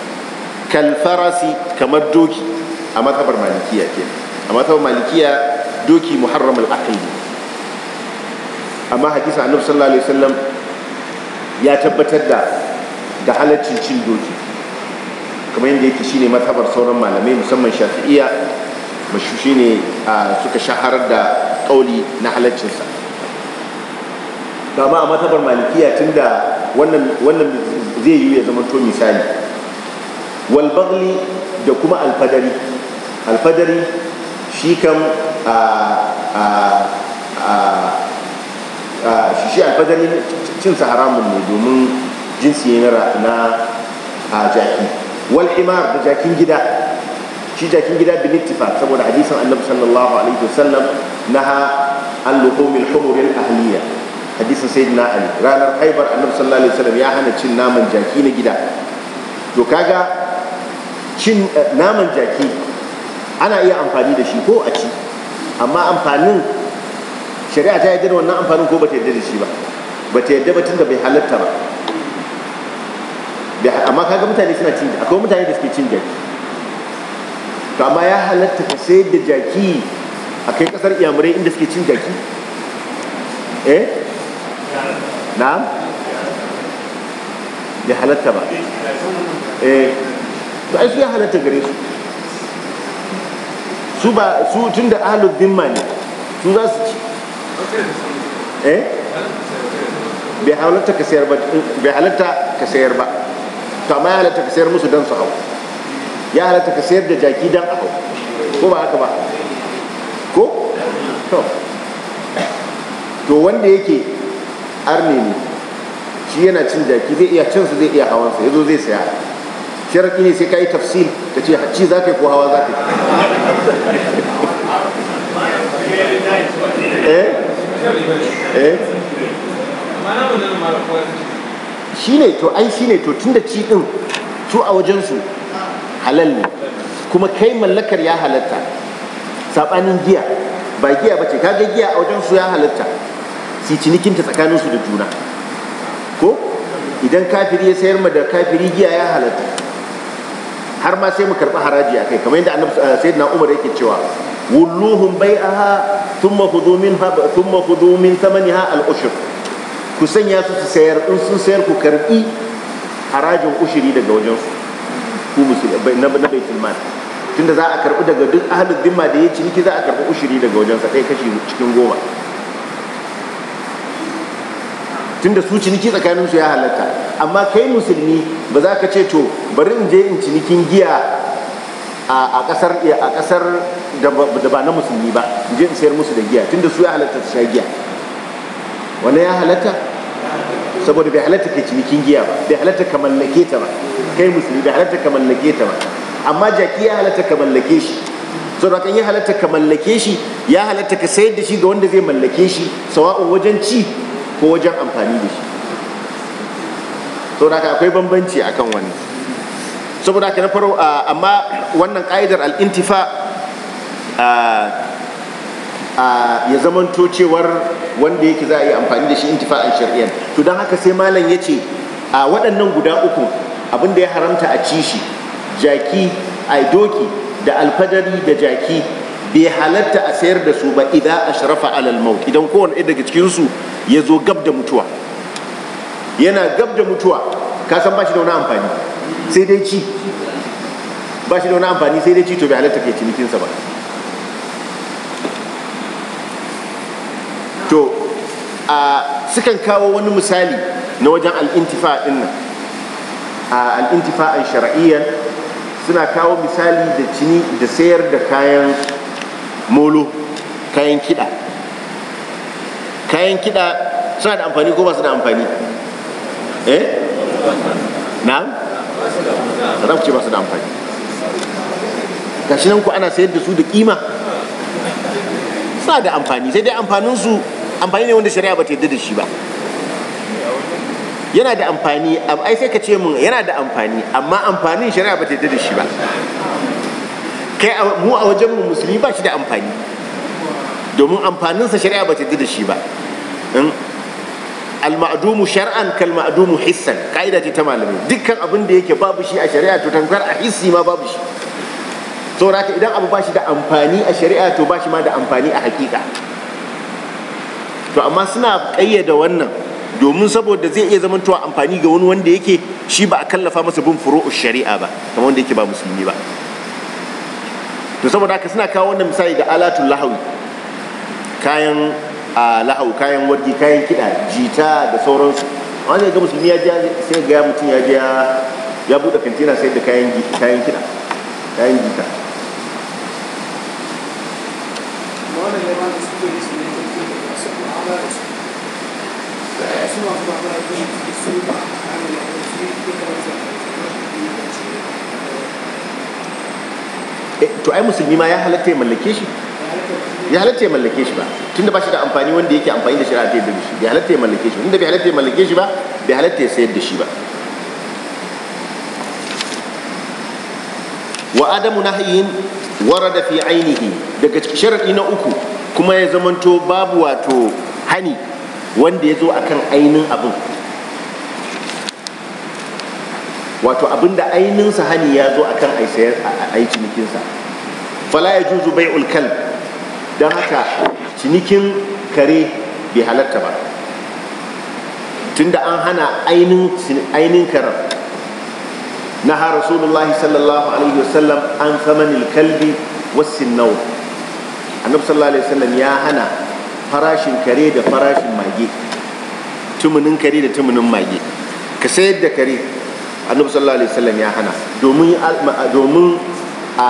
farasi kamar doki a matsabar malikiya ke a matsabar malikiya doki muharram ne. amma hadisa annabi sallallahu alaihi wasallam ya tabbatar da da halaccin cin doki kamar yadda yake shine matsabar sauran malamai musamman shafi'iyya mashu shine suka shaharar da kauli na halaccinsa ma a matsabar malikiya tun da wannan zai yi ya zama to misali wal da kuma alfadari alfajari shi kan shi alfajari cinsa haramun ne domin jinsi ne na jaki wal himar da jakin gida shi jakin gida bin tifa saboda hadisin annabi sallallahu alaihi wasallam na an al-luhumil humur al-ahliya hadisin na ali ranar haibar annabi sallallahu alaihi wasallam ya hana cin naman jaki na gida to kaga cin eh, naman jaki ana iya amfani da shi ko a ci amma amfanin shari'a ta yadda wannan amfanin ko bata yadda da shi ba bata yadda ba tunda bai halatta ba amma kaga mutane suna cin akwai mutane da suke cin jaki to amma ya halatta ka sayar da jaki a kai kasar iyamurai inda suke cin jaki eh na ya halatta ba eh to ai su ya halatta gare su su ba su tun da ahalud bin ne su za su ci eh bai halatta ka sayar ba bai halatta ka sayar ba to amma ya halatta ka sayar musu don su hau ya halatta ka sayar da jaki don a hau ko ba haka ba ko to to wanda yake arne ne shi yana cin jaki zai iya cin su zai iya hawansa yazo zai saya sharaɗi ne sai ka yi tafsil ka ce ci za ka yi ko hawa za ka yi eh eh to ai ne to tunda ci din su a wajensu halal ne kuma kai mallakar ya halatta Saɓanin giya ba giya ba ce ga giya a wajensu ya halatta su cinikinta tsakaninsu da juna ko idan kafiri ya sayar ma da kafiri giya ya halatta har ma sai mu karɓi haraji a kai kamar yadda annabi eh, sayyidina umar yake cewa wulluhum bai'aha thumma khudhu minha thumma khudhu min thamaniha al-ushr ku sanya su su sayar in sun sayar ku karbi harajin ushiri daga wajen su ku musulmai na baitul mal tunda za a karbi daga duk ahlul dimma da ya ciniki za a karbi ushiri daga wajen sa kai kashi cikin goma tunda su ciniki tsakanin su ya halatta amma kai musulmi ba za ka ce to bari in je in cinikin giya a kasar a kasar da ba na musulmi ba in je in sayar musu da giya tunda su ya halatta su sha giya Wani ya halatta saboda bai halatta kai cinikin giya ba bai halatta ka mallake ta ba kai musulmi bai halatta ka mallake ta ba amma jaki ya halatta ka mallake shi saboda kan ya halatta ka mallake shi ya halatta ka sayar da shi ga wanda zai mallake shi sawa'un wajen ci ko wajen amfani da shi saboda aka akwai bambanci akan wani saboda aka na faro amma wannan ƙa'idar al'intifa ya zamanto cewar wanda yake za a yi amfani da shi intifa a shari'an to don haka sai malam ya ce a waɗannan guda uku abin da ya haramta a ci shi jaki a da alfadari da jaki bai halatta a sayar da su ba idan ashrafa alal maut idan kowane ɗaya daga cikin su ya zo gab da mutuwa yana gab da mutuwa ka san ba shi da wani amfani sai dai ci ba shi da wani amfani sai dai ci to bai halatta kai cinikinsa ba to a sukan kawo wani misali na wajen al'intifa ɗin nan a al'intifa an shar'iyyan suna kawo misali da cini da sayar da kayan molo kayan kiɗa kayan kiɗa suna da amfani ko ba su da amfani eh na za ku ba su da amfani gashi nan ku ana sayar da su da kima suna da amfani sai dai amfaninsu amfani ne wanda shari'a ba ta yadda da shi ba yana da amfani ai sai ka ce mun yana da amfani amma amfanin shari'a ba ta yadda da shi ba kai mu a wajen mu musulmi ba shi da amfani domin amfaninsa shari'a ba ta da shi ba hmm? al-ma'dumu shar'an kal ma'dumu hissan ka'ida ce ta malamai dukkan abin da yake babu shi a shari'a to tankar a hissi ma babu shi to haka idan abu ba shi da amfani a shari'a to ba shi ma da amfani a hakika to amma suna kayyada wannan domin saboda zai iya zama amfani ga wani wanda yake shi ba a kallafa masa bin furu'u shari'a ba kamar wanda yake ba musulmi ba to saboda haka suna kawo wannan misali da alatul lahawi kayan lahawu kayan wargi kayan kiɗa jita da sauransu wanda ga musulmi ya sai ga mutum ya biya ya buɗe kantina sai da kayan kayan kiɗa kayan jita Thank you. Eh, to ai musulmi ma ya halatta ya mallake shi ya halatta ya mallake shi ba tunda ba shi da amfani wanda yake amfani da shari'a ta yadda shi bai halatta ya mallake shi inda bai halatta ya mallake shi ba bai halatta ya sayar da shi ba wa adamu nahyin warada fi ainihi daga sharadi na uku kuma ya zamanto babu wato hani wanda ya zo akan ainin abin wato abin da ainihin sahani ya zo a a yi cinikinsa fala ya juzu bai ulkal don haka cinikin kare bai halatta ba tunda an hana ainihin karar na ha rasulullahi sallallahu alaihi wasallam an samanil kalbi wasin nau annabi sallallahu alaihi wasallam ya hana farashin kare da farashin mage tumunin kare da tumunin mage ka sayar da kare annabi sallallahu alaihi wasallam ya hana domin domin a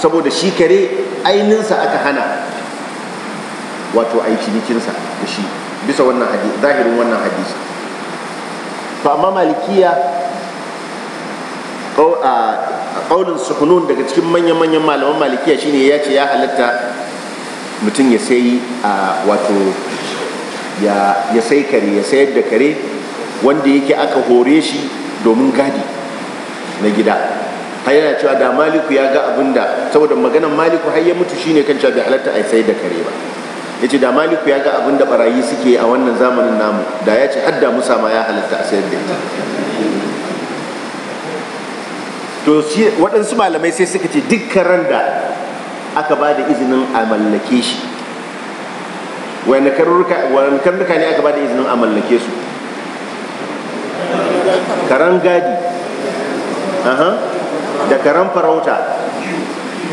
saboda shi kare sa aka hana wato ai yi sa da shi bisa wannan hadisi zahirin wannan hadisi to amma malikiya kaulin sukunun daga cikin manya-manyan malaman malikiya shine ya ce ya halatta mutum ya sai wato ya sai kare ya sayar da kare wanda yake aka hore shi domin gadi na gida har yana cewa da maliku ya ga abin da saboda maganan maliku har ya mutu shine kan cewa bai halatta a sai da kare ba ya ce da maliku ya ga abin da barayi suke a wannan zamanin namu da ya ce hadda musa ma ya halatta a sayar da ita to waɗansu malamai sai suka ce dukkan ran da aka ba da izinin a mallake shi wani karnuka ne aka ba da izinin a mallake su karan gadi da karan farauta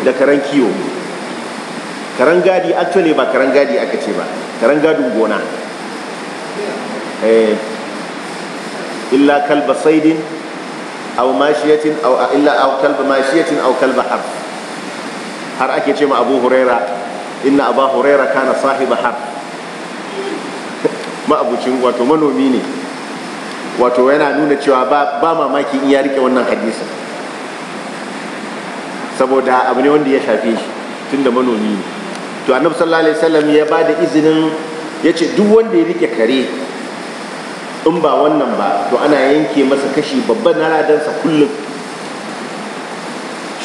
da karan kiwo karan gadi actually ba karan gadi aka ce ba karan gadin gona eh. illa kalba saidin aw mashiyatin aw illa aw kalba mashiyatin aw kalba har har ake ce ma abu huraira inna abu huraira kana sahiba har ma abucin wato manomi ne wato yana nuna cewa ba mamaki in ya rike wannan hadisin saboda abu ne wanda ya shafe shi tunda manomi ne to annabi sallallahu alaihi wasallam ya ba da izinin ya ce duk wanda ya rike kare in ba wannan ba to ana yanke masa kashi babban na kullum. kullum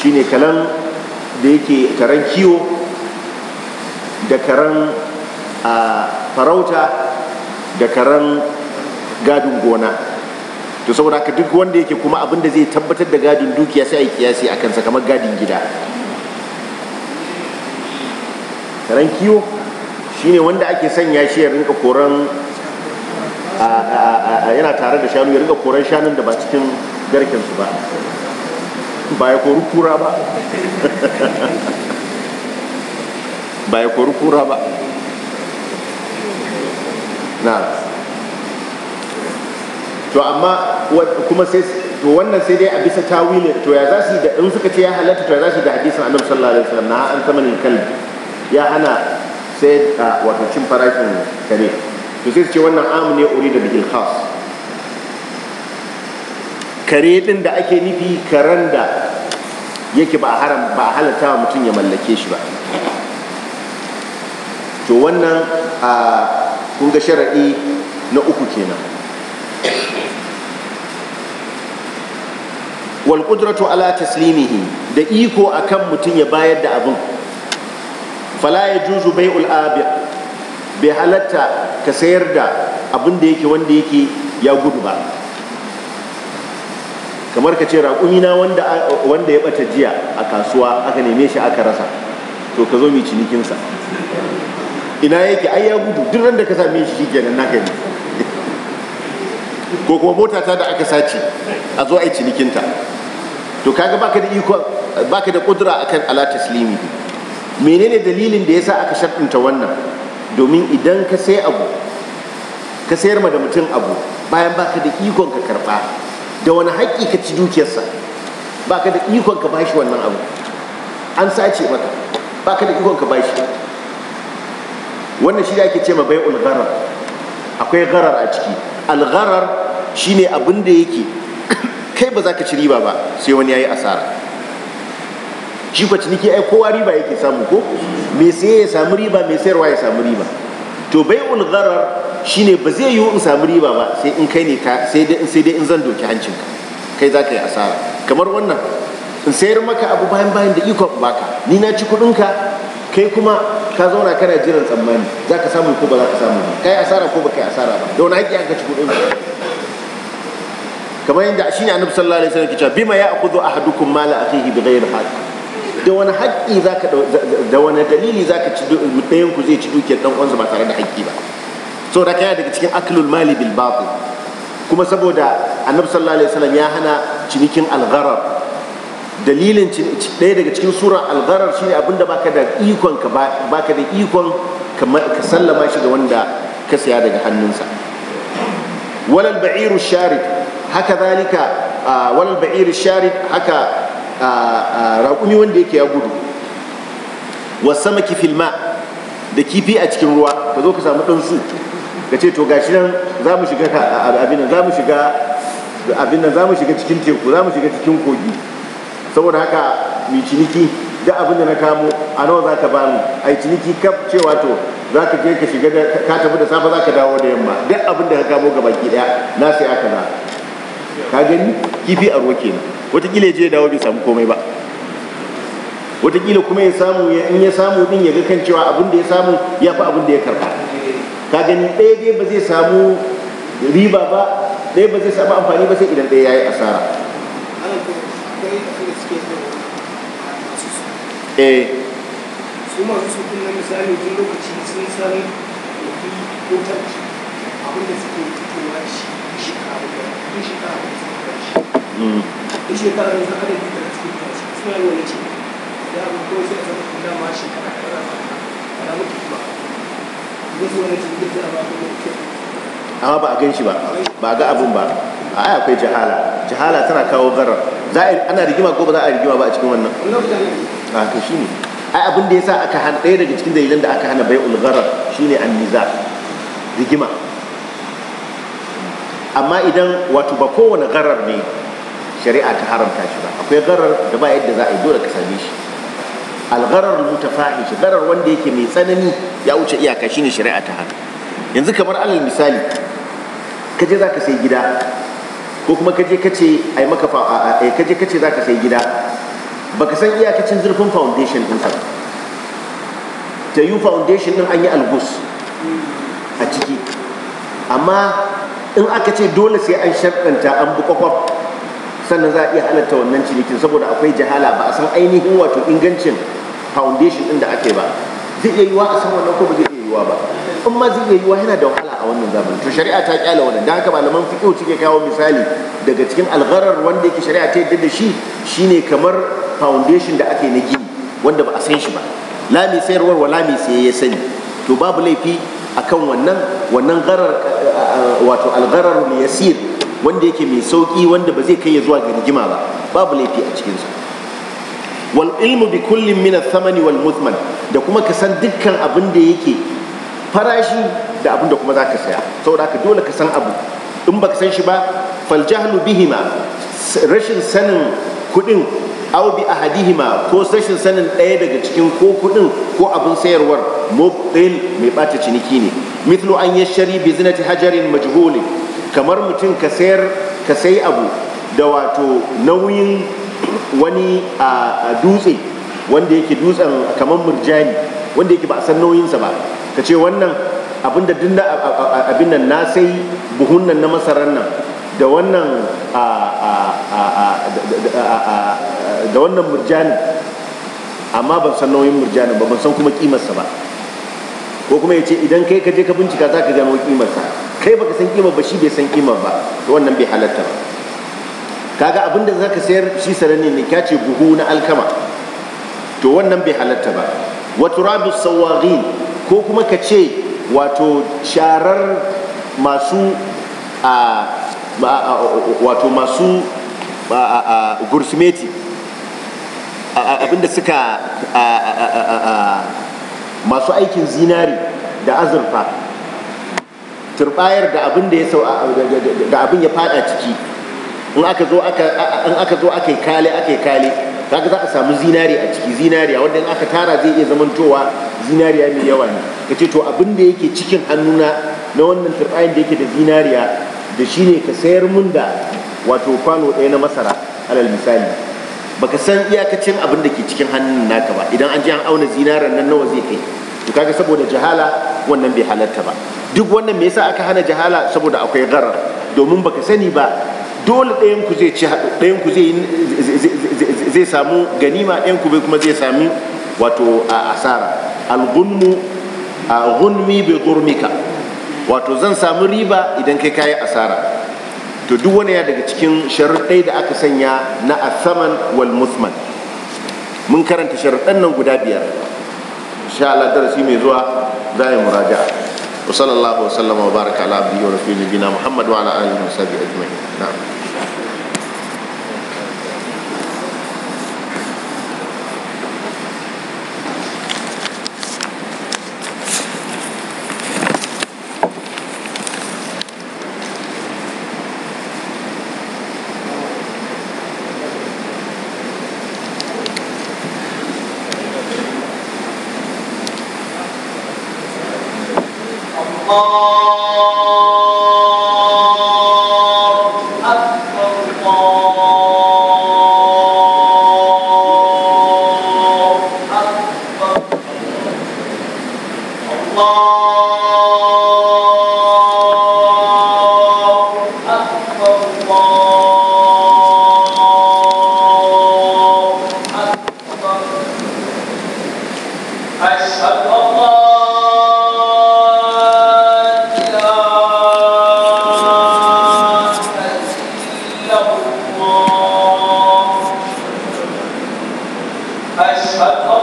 shine kalan da yake karen kiwo da karen ah, farauta da karen gadin gona to saboda haka duk wanda yake kuma abin da zai tabbatar da gadin dukiya sai a yi kiyasi a kansa kamar gadin gida karen kiwo shine wanda ake sanya shi ya rinka koran yana tare da shanu ya rinka koran shanun da ba cikin garkensu ba ba ya kori kura ba ba ya kori kura ba na to amma kuma sai to wannan sai dai a bisa tawili to ya za da in suka ce ya halatta to ya za su da hadisin annabi sallallahu alaihi wasallam na an tamanin kalbi ya hana sai da wato cin farashin kare to sai su ce wannan amu ne uri da bihil khas kare din da ake nufi karen da yake ba haram ba halatta wa mutum ya mallake shi ba to wannan a kun ga sharaɗi na uku kenan wal qudratu ala taslimihi da iko akan mutum ya bayar da abin fala ya juzu bai'ul abi bai halatta ka sayar da abin da yake wanda yake ya gudu ba kamar ka ce raƙumina wanda ya bata jiya a kasuwa aka neme shi aka rasa to ka zo mai cinikinsa ina yake ai ya gudu duk da ka same shi shi kenan naka ne ko kuma mota ta da aka sace a zo a yi cinikinta to kaga baka da iko baka da kudura akan ala taslimi menene dalilin da yasa aka shaddunta wannan domin idan ka sai abu ka sayar ma da mutum abu bayan baka da ikon ka karɓa da wani haƙƙi ka ci dukiyarsa baka da ikon ka bashi wannan abu an sace maka baka da ikon ka bashi wannan shi da ake ce ma bai'ul gharar akwai gharar a ciki algharar shine abin da yake kai ba za ka ci riba ba sai wani yayi asara shi kwa ciniki ai kowa riba yake samu ko me sai ya samu riba me sayarwa ya samu riba to bai'ul gharar shine ba zai yiwu in samu riba ba sai in kai ne ka sai dai in zan doki hancin kai za ka yi asara kamar wannan in sayar maka abu bayan bayan da ikon baka ni na ci kuɗinka kai kuma ka zauna kana jiran tsammani za ka samu ko ba za ka samu ba kai asara ko ba kai asara ba da wani haƙƙi an ka ci kuɗin kamar yadda shi ne annabi sallallahu alaihi wasallam ke cewa bima ya ya'khudhu ahadukum mala akhihi bighayri haqq da wani haƙƙi zaka da wani dalili za ka ci ɗayan ku zai ci dukiyar ɗan uwansa ba tare da haƙƙi ba so da kai daga cikin aklul mali bil batil kuma saboda annabi sallallahu alaihi wasallam ya hana cinikin al'gharar. dalilin ɗaya daga cikin surar algarar shine abinda baka da ikon ka baka da ikon ka sallama shi ga wanda ka saya daga hannunsa walal ba'iru sharid haka zalika walal ba'iru sharid haka raƙumi wanda yake ya gudu wasama kifil ma da kifi a cikin ruwa ka zo ka samu ɗan su ka ce to gashi nan za mu shiga abin nan za mu shiga abin nan za mu shiga cikin teku za mu shiga cikin kogi saboda haka mai ciniki da abin da na kamo a nawa za ka ba mu a ciniki kaf cewa to za ka je ka shiga da ka tafi da safe za ka dawo da yamma duk abin da ka kamo ga baki daya na sai aka za. ka gani kifi a ruwa kenan watakila ya je dawo bai samu komai ba watakila kuma ya samu in ya samu din ya ga kan cewa abin da ya samu ya fi abin da ya karba ka gani ɗaya dai ba zai samu riba ba ɗaya ba zai samu amfani ba sai idan ɗaya ya yi asara eh su masu sukun na misali tun lokaci sun san wani ko tarki abin da suke fitowa shi shi kawo da shi kawo da suke tashi mm. duk shekara yanzu kada bi da suke tashi suna yi wani ce da abu ko sai a zama kun dama shekara kaza ba da mutu da wasu wani ce duk da ba kuma amma ba a gan shi ba ba a ga abun ba a ai akwai jahala jahala tana kawo garar ana rigima ko ba za a rigima ba a cikin wannan a to shine ai abin da yasa aka hana ɗaya daga cikin dalilan da aka hana bai gharar shine niza rigima amma idan wato ba kowane garar ne shari'a ta haramta shi ba akwai garar da ba yadda za a yi dole ka same shi algharar shi Garar wanda yake mai tsanani ya wuce iyaka shine shari'a ta hana yanzu kamar alal misali kaje za ka sai gida ko kuma ka ai maka eh, kaje kace za ka sai gida baka san iyakacin zurfin foundation din sa ta yi foundation din an yi albus a ciki amma in aka ce dole sai an shaɗanta an bukwakwaf. sannan za a iya halatta wannan cinikin saboda akwai jihala ba a san ainihin wato ingancin foundation din da ake ba zai iya yiwa a san wannan ko ba zai iya yiwa ba in ma zai iya yiwa yana da wahala a wannan zamani to shari'a ta kyala wannan dan haka malaman fiqh suke kawo misali daga cikin algharar wanda yake shari'a ta yadda da shi Shi ne kamar foundation da ake na gini wanda ba a san shi ba la sayarwar wa la mai ya sani to babu laifi akan wannan wannan garar wato algarar yasir wanda yake mai sauki wanda ba zai kai ya zuwa ga rigima ba babu laifi a cikinsa wal ilmu bi kullin min samani wal muthman da kuma ka san dukkan abin da yake farashi da abin da kuma zaka saya saboda ka dole ka san abu in baka san shi ba fal jahlu bihima rashin sanin kudin aw bi ahadihima ko rashin sanin ɗaya daga cikin ko kudin ko abin sayarwar mobil mai bata ciniki ne mithlu an yashari bi zinati hajarin majhulin kamar mutum ka sayar ka sayi abu da wato nauyin wani a dutse wanda yake dutsen kamar murjani wanda yake ba a san nauyinsa ba ka ce wannan abin da abin nan na sai buhunan na masarar nan da wannan da wannan murjani amma ban san nauyin murjani ba ban san kuma kimarsa ba ko kuma ya ce idan kai ka je ka bincika za ka gano kimarsa kai baka san kimar ba shi bai san kimar ba to wannan bai halatta ba kaga abin da zaka sayar shi sarani ne kya ce buhu na alkama to wannan bai halatta ba wa turabu sawagin ko kuma ka ce wato sharar masu a wato masu gursimeti abinda suka masu aikin zinari da azurfa turbayar da abin da ya sau da abin ya fada ciki in aka zo aka yi kale aka yi kale kaga za a samu zinari a ciki a wanda in aka tara zai iya zamantowa zinariya mai yawa ne ka ce to abin da yake cikin hannuna na wannan turbayar da yake da zinariya da shi ne ka sayar mun da wato kwano ɗaya na masara alal misali baka san iyakacin abin da ke cikin hannun naka ba idan an ji an auna zinaran nan nawa zai kai to kaga saboda jahala wannan bai halarta ba duk wannan me yasa aka hana jahala saboda akwai garar domin baka sani ba dole ɗayan ku zai ci ɗayan ku zai zai samu ganima ɗayan ku kuma zai samu wato asara al-gunmu gunmi bi gurmika wato zan samu riba idan kai kayi asara to duk wani ya daga cikin sharuɗai da aka sanya na asaman wal musman mun karanta sharuɗan nan guda biyar insha Allah darasi mai zuwa za a yi muraja wa sallallahu wa sallama wa baraka ala abdihi wa rasulihi gina Muhammad wa ala alihi wa sahbihi ajma'in الله أشهد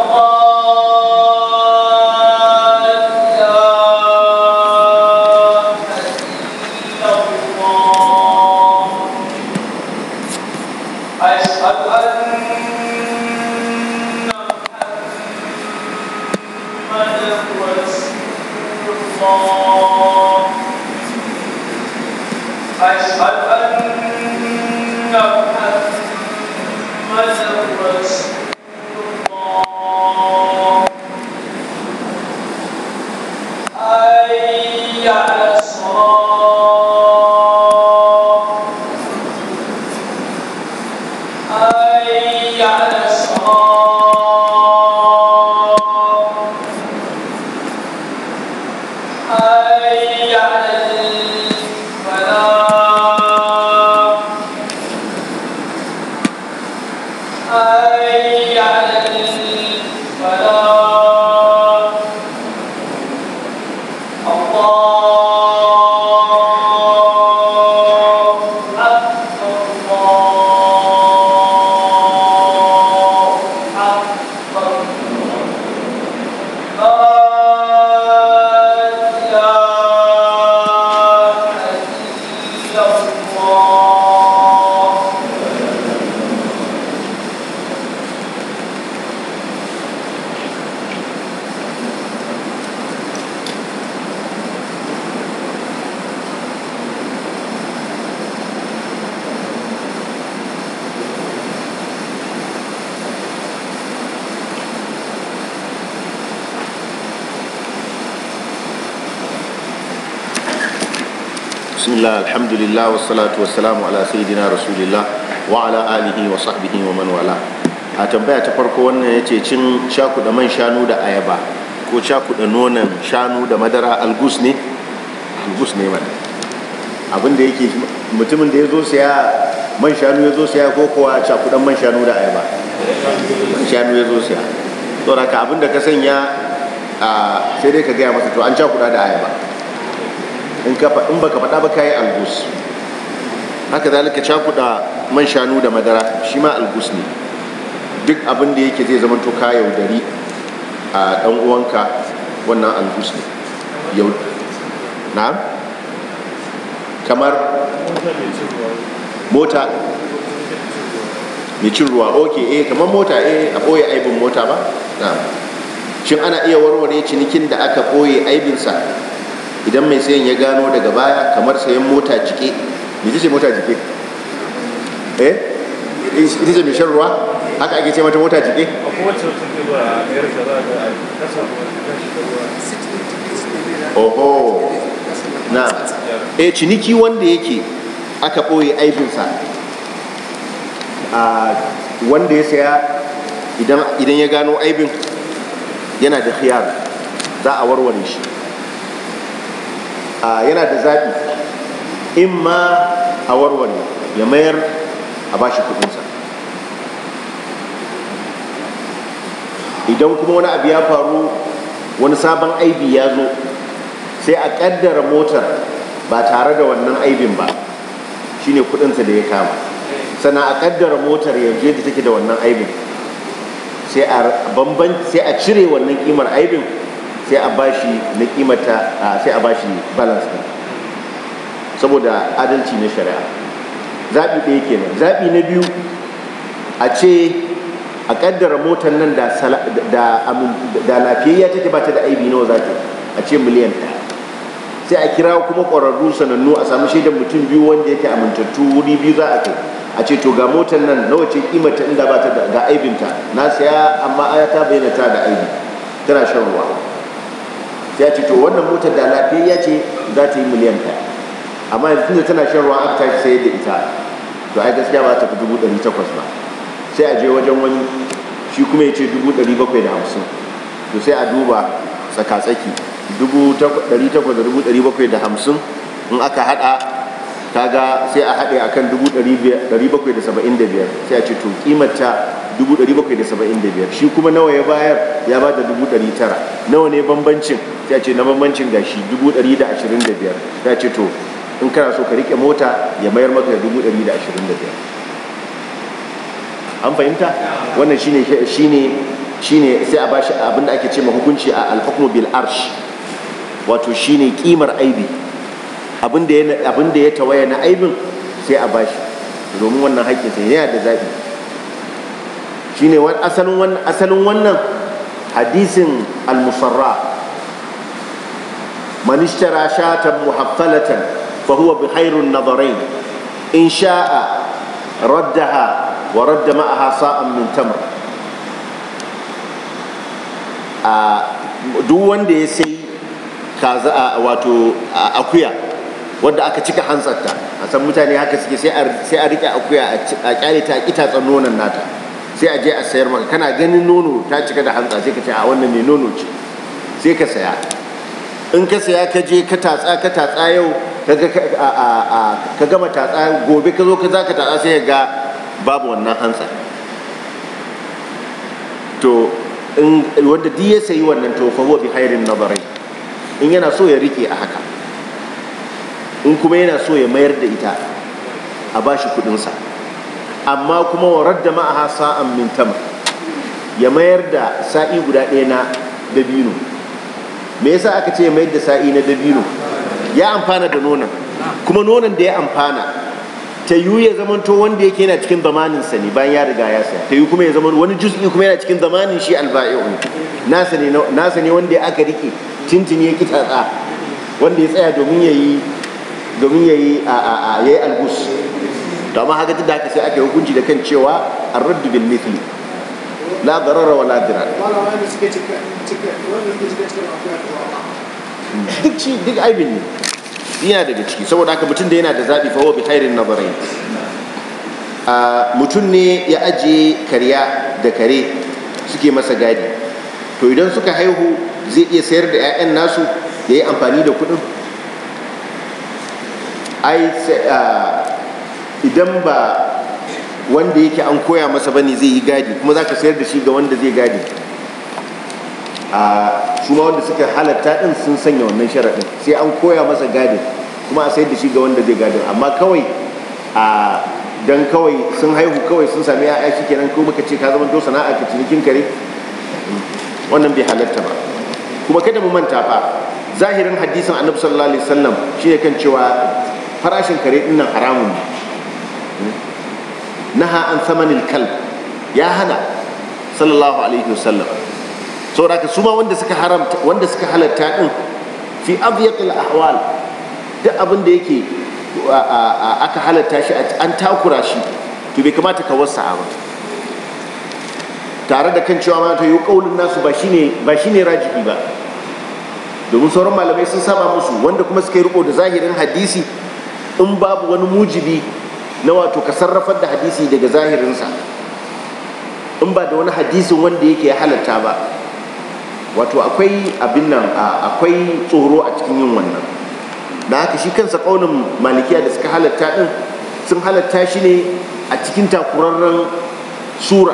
alhamdulillah wassalatu wassalamu ala sayyidina rasulillah wa ala alihi wa sahbihi wa man wala a tambaya ta farko wannan ya ce cin shakuda man shanu da ayaba ko shakuda nonon shanu da madara algus ne algus ne mana abin yake mutumin da ya zo saya man shanu ya zo saya ko kuwa shakudan man shanu da ayaba man shanu ya zo saya saboda ka abin da ka sanya sai dai ka gaya masa to an shakuda da ayaba in baka faɗa ba kayi algus haka zalika cakuɗa man shanu da madara shi ma algus ne duk abin da yake zai zama to ka yaudari a ɗan uwanka wannan algus ne yau na kamar mota mai cin ruwa ok eh kamar mota eh a ɓoye aibin mota ba na shin ana iya warware cinikin da aka ɓoye aibinsa idan mai sayan ya gano daga baya kamar sayan mota jike me ce mota jike eh ita ce mai shan ruwa haka ake ce mata mota jike oho na eh ciniki wanda yake aka ɓoye aibinsa a wanda ya saya idan ya gano aibin yana da khiyar za a warware shi yana da zaɓi in ma a warware ya mayar a bashi kudinsa idan kuma wani abu ya faru wani sabon aibi ya zo sai a kaddara motar ba tare da wannan aibin ba shine kudinsa da ya kama sannan a kaddara motar yanzu yadda take da wannan aibin sai a cire wannan kimar aibin sai a bashi na kimata sai a bashi balance din saboda adalci na shari'a zaɓi ɗaya kenan zaɓi na biyu a ce a ƙaddara motar nan da lafiyayya take ba ta da aibi nawa za ta a ce miliyan ɗaya sai a kira kuma ƙwararru sanannu a samu shaidar mutum biyu wanda yake amintattu wuri biyu za a kai a ce to ga motar nan nawa ce kimata inda ba ta ga aibinta na saya amma aya ta bayyana ta da aibi tana shan ruwa ya ce to wannan motar da ya ce za ta yi miliyan ɗaya amma yanzu tunda tana shan ruwa aka tashi sayar da ita to ai gaskiya ba ta fi dubu ɗari takwas ba sai a je wajen wani shi kuma ya ce dubu ɗari bakwai da hamsin to sai a duba tsaka-tsaki dubu ɗari takwas da dubu ɗari bakwai da hamsin in aka haɗa kaga sai a haɗe a kan 775 sai a ce to kimata 775 shi kuma nawa ya bayar ya ba da 900 nawa ne bambancin sai a ce na bambancin gashi 125 sai a ce to in kana so ka rike mota ya mayar maka da 125 an fahimta wannan shine shine shine sai a bashi abinda ake ce ma hukunci a al-hukmu bil arsh wato shine kimar aibi abin da ya tawaya na aibin sai a bashi domin wannan haƙƙin sai yana da zaɓi shine asalin wannan hadisin al-musarra man ishtara shatan muhaffalatan fa huwa bi khairun nadarain in sha'a raddaha wa radda ma'aha sa'an min tamr duk wanda ya sai kaza wato akuya wanda aka cika hantsarta a san mutane haka suke sai a rike akuya a kyale ta itatsan nonon nata sai a je a sayar maka kana ganin nono ta cika da hantsa sai ka ce a wannan mai nono ce sai ka saya in ka saya ka je ka tatsa ka tatsa yau ka gama tatsa gobe ka zo ka za ka tatsa sai ga babu wannan hantsa to wanda duk ya sayi wannan tofa fa bi hairin nazarai in yana so ya rike a haka in kuma yana so ya mayar da ita a bashi kudinsa amma kuma warar da ma'aha sa'an min ya mayar da sa'i guda ɗaya na dabino me yasa aka ce ya mayar da sa'i na dabino ya amfana da nonon kuma nonon da ya amfana ta yiwu ya to wanda yake yana cikin zamaninsa ne bayan ya riga ya saya ta yiwu kuma ya zama wani juz'i kuma yana cikin zamanin shi alba'i'un nasa ne wanda aka rike tintini ya kitatsa wanda ya tsaya domin ya yi domin ya yi albus to amma haka da haka sai ake hukunci da kan cewa raddu bin mithli la darara wa la dirar duk ci duk aibin ne yana daga ciki saboda haka mutum da yana da zaɓi fa bi na barai mutum ne ya aje karya da kare suke masa gadi to idan suka haihu zai iya sayar da 'ya'yan nasu ya yi amfani da kuɗin ai ah, idan ba wanda yake an koya masa bane zai yi gadi kuma za ka sayar da shi ga wanda zai gadi a ah, su ma wanda suka halatta din sun sanya wannan sharaɗin sai an koya masa gadi kuma a sayar da shi ga wanda zai gadi amma kawai a ah, dan kawai sun haihu kawai sun sami ya'ya shi kenan ko baka ce ka zama to sana'a ka cinikin kare wannan bai halatta ba kuma kada mu manta fa zahirin hadisin annabi sallallahu alaihi wasallam shine kan cewa farashin kare ina haramun ne hmm? ha an samanin kalb ya hana sallallahu alaihi wasallam saboda ka suma wanda suka haramta wanda suka halatta din fi abyaqil ahwal duk abin da yake aka halatta shi an takura shi to bai kamata ka wasa ba tare da kan cewa mata yi kaulin nasu ba shine ba shine rajihi ba domin sauran malamai sun saba musu wanda kuma suka yi riko da zahirin hadisi in babu wani mujibi na wato ka sarrafar da hadisi daga zahirinsa in ba da wani hadisin wanda yake halatta ba wato akwai abin nan akwai tsoro a cikin yin wannan da haka shi kansa kaunin malikiya da suka halatta din sun halatta shi ne a cikin takurarren sura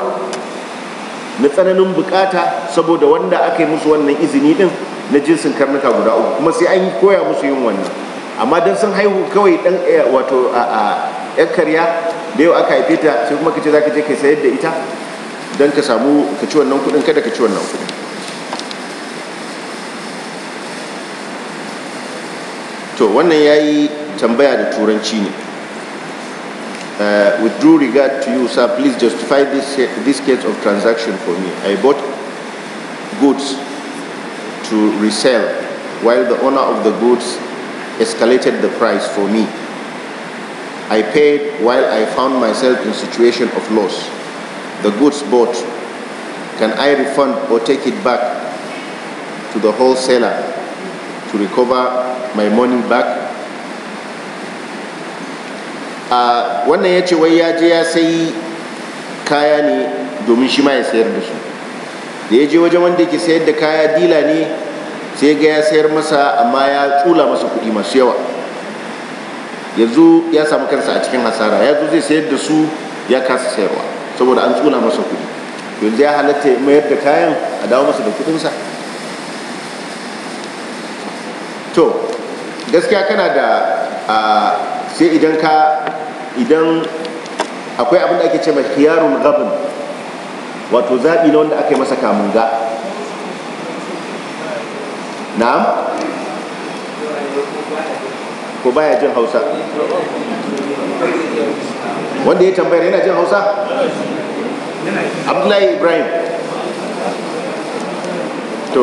na tsananin bukata saboda wanda aka yi musu wannan izini din na jinsin karnuka guda uku kuma sai an koya musu yin wannan amma don sun haihu kawai dan eh, wato a yan karya da yau aka haife ta sai kuma kace zaka je kai sayar da ita don ka samu ka ci wannan kudin kada ka ci wannan kudin to wannan ya yi tambaya da turanci ne uh, with due regard to you, sir, please justify this, this case of transaction for me. I bought goods to resell while the owner of the goods escalated the price for me. I paid while I found myself in situation of loss. The goods bought, can I refund or take it back to the wholesaler to recover my money back? Ah, wannan ya ce wai ya je ya sayi kaya ne domin shi ma ya sayar da su da ya je wajen wanda yake sayar da kaya dila ne sai ga ya sayar masa amma ya tsula masa kuɗi masu yawa yanzu ya samu kansa a cikin hasara ya zo zai sayar da su ya kasa sayarwa saboda an tsula masa kuɗi yanzu ya halatta ya mayar da kayan a dawo masa da kuɗinsa to gaskiya kana da sai idan ka idan akwai abin da ake ce mai hiyarun gabin wato zaɓi na wanda aka yi masa ga na'am ko baya jin hausa wanda ya tambayar yana jin hausa abdullahi ibrahim to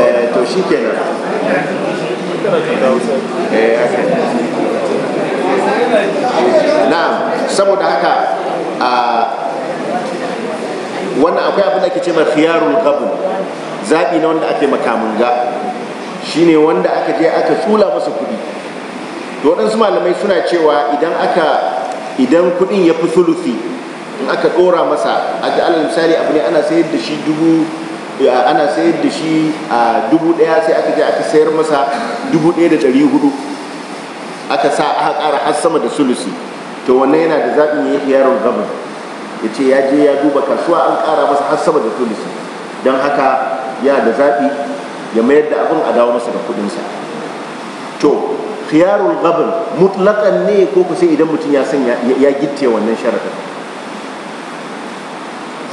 eh to shi kenan eh, haka na'am saboda haka a ah, wannan akwai abin da ke ce mai khiyarul qabl zaɓi na wanda ake yi shi shine wanda aka je aka tsula masa kuɗi to waɗansu malamai suna cewa idan aka idan kuɗin ya fi sulusi in aka ɗora masa a ga alal misali abu ne ana sayar da shi dubu ana sayar da shi a dubu ɗaya sai aka je aka sayar masa dubu ɗaya da ɗari hudu aka sa aka ƙara har sama da sulusi to wannan yana da zaɓin ya yi yaron gaban ya ce ya je ya duba kasuwa an ƙara masa har sama da sulusi don haka yana da zaɓi ya mayar da abin a dawo masa da kuɗinsa to khiyarul gabin mutlaƙan ne ko ku sai idan mutum ya sanya ya gitte wannan sharaɗin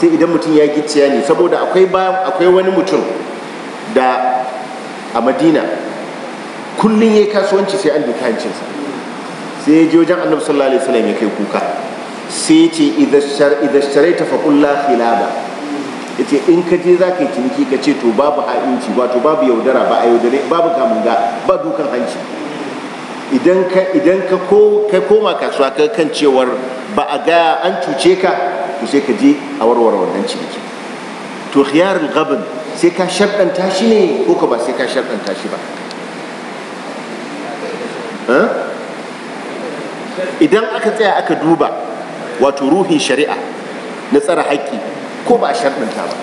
sai idan mutum ya gicciya ne saboda akwai bayan akwai wani mutum da a madina kullum ya yi kasuwanci sai an duka hancinsa sai ya je wajen annabi sallallahu alaihi wasallam ya kai kuka sai ya ce idan sharaita ta kullu khilaba ya ce in ka je za ka yi ciniki ka ce to babu ha'inci wato babu yaudara ba a yaudare babu kamunga ba dukan hanci idan ka idan ka ko ka koma kasuwa ka kan cewar ba a ga an cuce ka to sai ka je a warware wannan ciniki to khiyar gabin sai ka sharɗanta shi ne ko ka ba sai ka sharɗanta shi ba idan aka tsaya aka duba wato ruhin shari'a na tsara haƙƙi ko ba a sharɗinta ba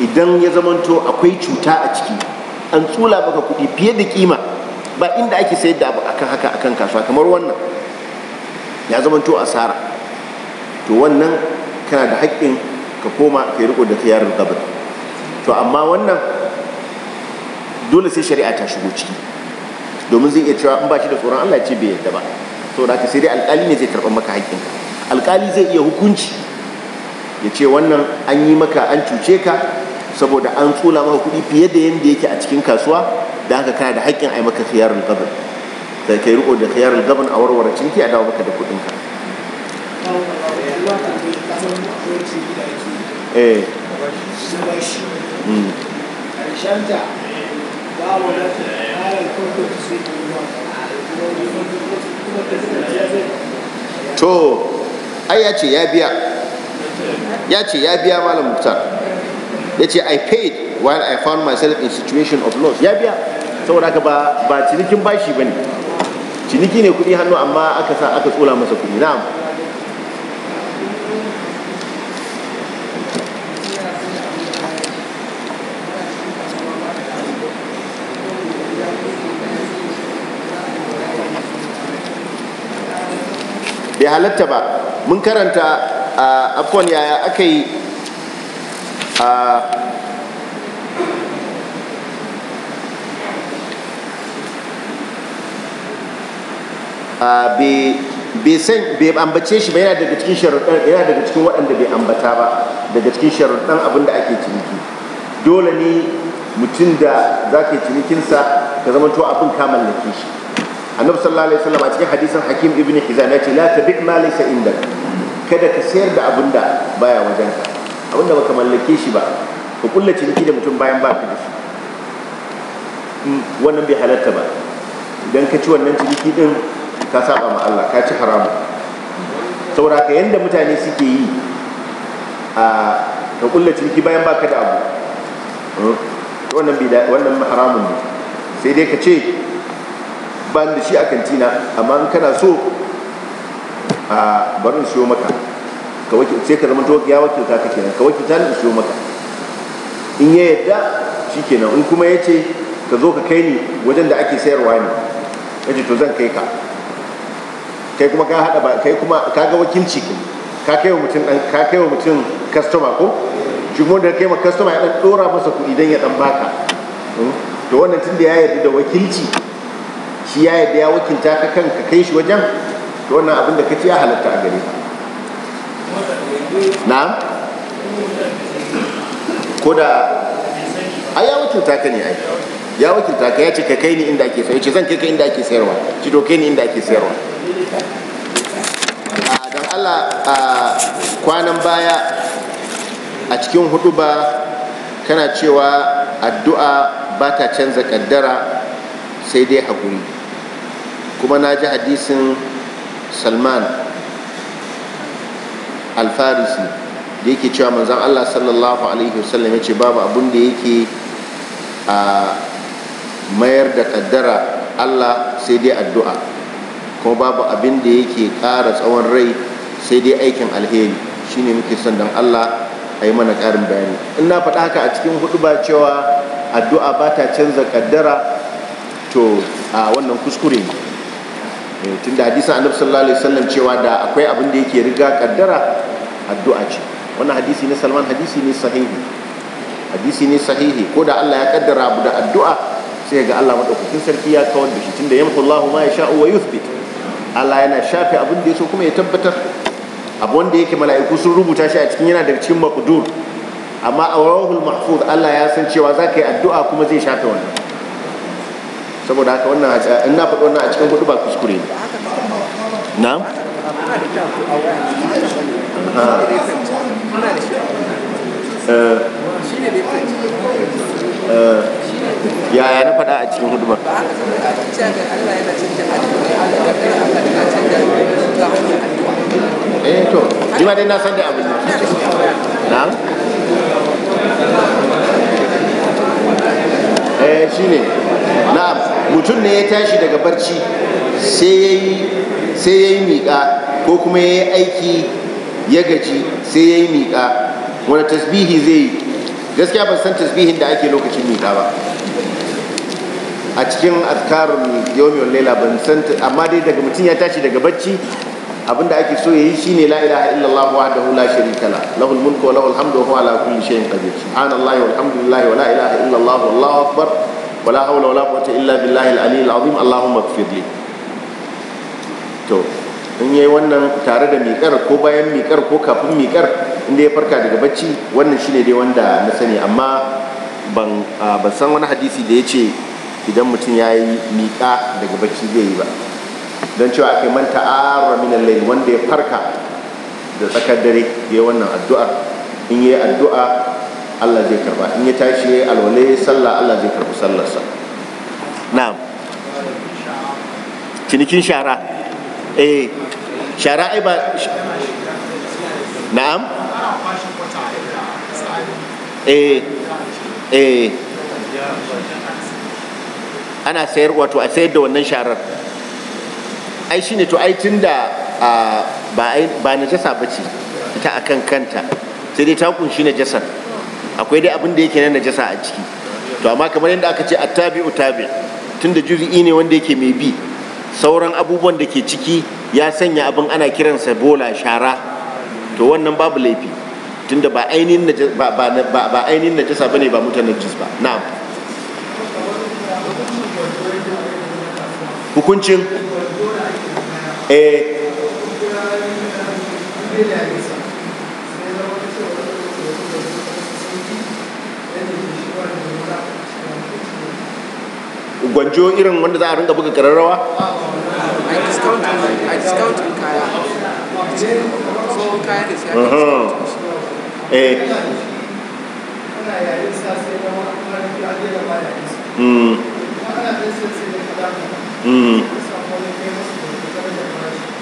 idan ya zamanto akwai cuta a ciki an tsula maka kuɗi fiye da kima ba inda ake sayar da abu akan haka akan kasuwa kamar wannan ya zamanto asara to wannan kana da haƙƙin ka koma ka riko da yarar gabar to amma wannan dole sai shari'a ta shigo ciki domin zai iya cewa in ba shi da tsoron Allah ce bai yadda ba saboda haka sai dai alƙali ne zai karɓar maka haƙƙinka alƙali zai iya hukunci ya ce wannan an yi maka an cuce ka saboda an tsula maka kuɗi fiye da yadda yake a cikin kasuwa da haka kana da haƙƙin a yi maka khiyarul qabr da kai riko da khiyarul qabr a warware cinki a dawo maka da kuɗin ka eh. hmm. to ai ya ce ya biya ya ce ya biya malam muktar ya ce i paid while i found myself in situation of loss ya biya saboda haka ba cinikin bashi ba ne ciniki ne kuɗi hannu amma aka sa aka tsola masa kuɗi na'am bai halatta ba mun karanta Ah, afon yaya aka yi ah, ah, bai ambace shi ba yana daga cikin sharuɗan yana daga cikin waɗanda bai ambata ba daga cikin sharuɗan abin da ake ciniki dole ne mutum da za ka yi cinikinsa ka zama to abin ka mallake shi annabi sallallahu alaihi wasallam a cikin hadisin hakim ibn hizam ya ce la tabi' ma laysa indak kada ka sayar da abin da baya wajen ka abin da baka mallake shi ba ka kulla ciniki da mutum bayan ba ka da shi hmm, wannan bai halatta ba idan ka ci wannan ciniki din ka saba ma Allah ka ci haramu saboda ka yanda mutane suke yi a ka kulla ciniki bayan ba ka da abu hmm, wannan haramun ne sai dai ka ce ban da shi a kantina amma in kana so a barin siyo maka sai ka zama to ya wakilta ka kenan ka wakilta ni siyo maka in ya yadda shi kenan in kuma ya ce ka zo ka kai ni wajen da ake sayarwa ne ya ce to zan kai ka kai kuma ka haɗa ba kai kuma ka ga wakilci ka kai wa mutum ka kai wa mutum customer ko shi kuma da kai ma customer ya dan dora masa kuɗi dan ya dan baka hmm? to wannan tunda ya yarda da wakilci shi ya yarda ya wakilta ka kanka kai shi wajen to wannan abin da ka ya halatta a gare na ko da a ya wakilta ka ne ai ya wakilta ka ya ce ka kai ni inda ake sayarwa ce zan kai ka inda ake sayarwa ci to kai ni inda ake sayarwa don allah a kwanan baya a cikin hudu ba kana cewa addu'a ba ta canza kaddara sai dai haƙuri kuma na ji hadisin salman alfarisi da yake cewa manzan allah sallallahu alaihi wasallam ya ce babu abin da yake a mayar da kaddara allah sai dai addu'a kuma babu abin da yake ƙara tsawon rai sai dai aikin alheri shine muke son don allah a yi mana ƙarin bayani in na faɗa haka a cikin hudu ba cewa addu'a ba ta canza kaddara to a wannan kuskure Tun eh, tunda hadisin annabi sallallahu alaihi wasallam cewa da akwai abin da yake riga kaddara addu'a ce wannan hadisi ne Salman hadisi ne sahihi hadisi ne sahihi ko da Allah ya kaddara abu da addu'a sai ga Allah madaukakin sarki ya kawar da shi tunda yamhu Allahu ma yasha wa yuthbit Allah yana shafe abin da yaso kuma ya tabbatar abu wanda yake mala'iku sun rubuta shi a cikin yana daga cikin maqdur amma a mahfuz Allah ya san cewa zaka yi addu'a kuma zai shafe wannan saboda haka wannan in na faɗi wannan a cikin hudu ba kuskure ne na ah. eh, eh, ya ya na faɗa a cikin hudu ba eh to jima dai na san da abin na eh shine na'am mutum ne ya tashi daga barci sai ya yi miƙa ko kuma ya yi aiki ya gaji sai ya yi miƙa wani tasbihi zai yi gaskiya ban san tasbihin da ake lokacin miƙa ba a cikin azkarun yawon laila ban san amma dai daga mutum ya tashi daga barci da ake so ya yi shine la ilaha illallah wahdahu la sharika la lahul mulku wa lahul hamdu wa huwa ala kulli shay'in qadir subhanallahi walhamdulillahi wa la ilaha illallah wallahu akbar wala haula wala قوة illa بالله العلي العظيم اللهم اغفر لي تو in yayi wannan tare da miƙar ko bayan miƙar ko kafin miƙar inda ya farka daga bacci wannan shine dai wanda na sani amma ban ban san wani hadisi da ya ce idan mutum ya yi miƙa daga bacci zai yi ba don cewa aka manta arra min al wanda ya farka da tsakar dare yayi wannan addu'ar in yayi addu'a Allah zai karba in ya tashi alwale sallah Allah zai karbi sallarsa na'am cinikin shara eh shara ai ba na'am eh eh ana sayar wato a sayar da wannan sharar ai shine to ai tunda ba ba najasa bace ita akan kanta sai dai ta kunshi najasar akwai dai abin da yake na najasa a ciki to amma kamar yadda aka ce a tabi' tunda juz'i ne wanda yake mai bi sauran abubuwan da ke ciki ya sanya abin ana kiransa bola shara to wannan babu laifi tunda ba ainihin ba ba ainihin najasa bane ba mutan najis ba na'am hukuncin eh gwanjo irin wanda za a rinka buga kararrawa a eh. hmm. hmm.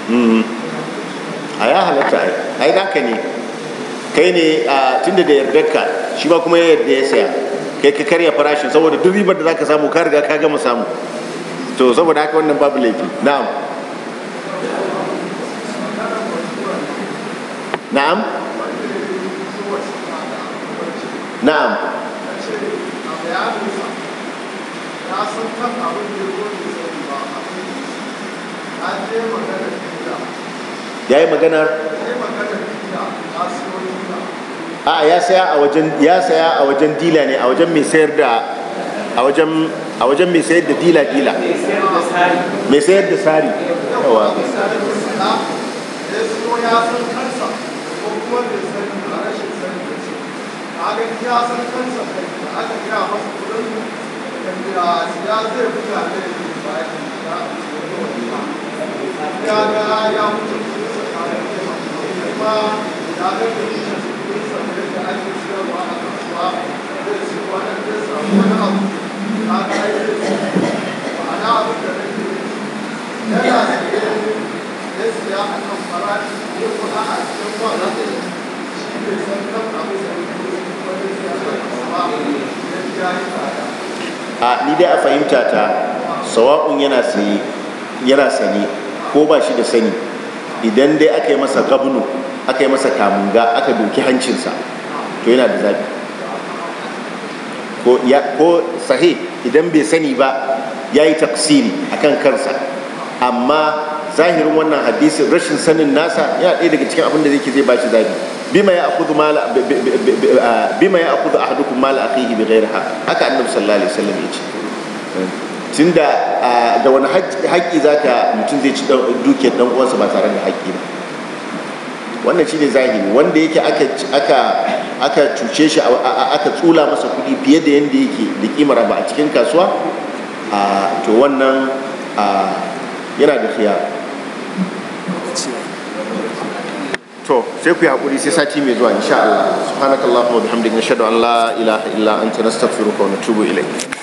hmm. a ya halatta ai ne kai ne a tunda da yardarka shi ba kuma yarda ya saya kai ka karya farashin saboda duk ribar da za ka samu ka riga ka gama samu to saboda haka wannan babu laifi na'am na'am na'am ya yi magana a ya saya a wajen ya saya a wajen dila ne a wajen mai sayar da a wajen a wajen mai sayar da dila dila mai sayar da sari yawa ya ga ya mutu kuma ya ga a ni dai a fahimta ta sawa'un yana sani yana sani ko ba shi da sani idan dai aka yi masa gabnu aka yi masa kamunga aka doki hancinsa to yana da zafi ko Sahi idan bai sani ba ya yi taksiri kan kansa amma zahirin wannan hadisi, rashin sanin nasa yana ɗaya daga cikin abin da zai zai shi zafi bima ya akudu kudu a ya mala a kai ghairi da haka annabi sallallahu alaihi wasallam ya ce tunda da wani haƙƙi zaka mutum zai ci dukiyar dan uwansa ba tare da haƙƙi ba wannan shine zahiri wanda yake aka cuce shi aka tsula masa kuɗi fiye da yadda yake da kimar ba a cikin kasuwa a to wannan yana da khiyar to sai ku haƙuri sai sati mai zuwa insha Allah subhanakallahumma wa bihamdika nashhadu an la ilaha illa anta nastaghfiruka wa natubu ilayk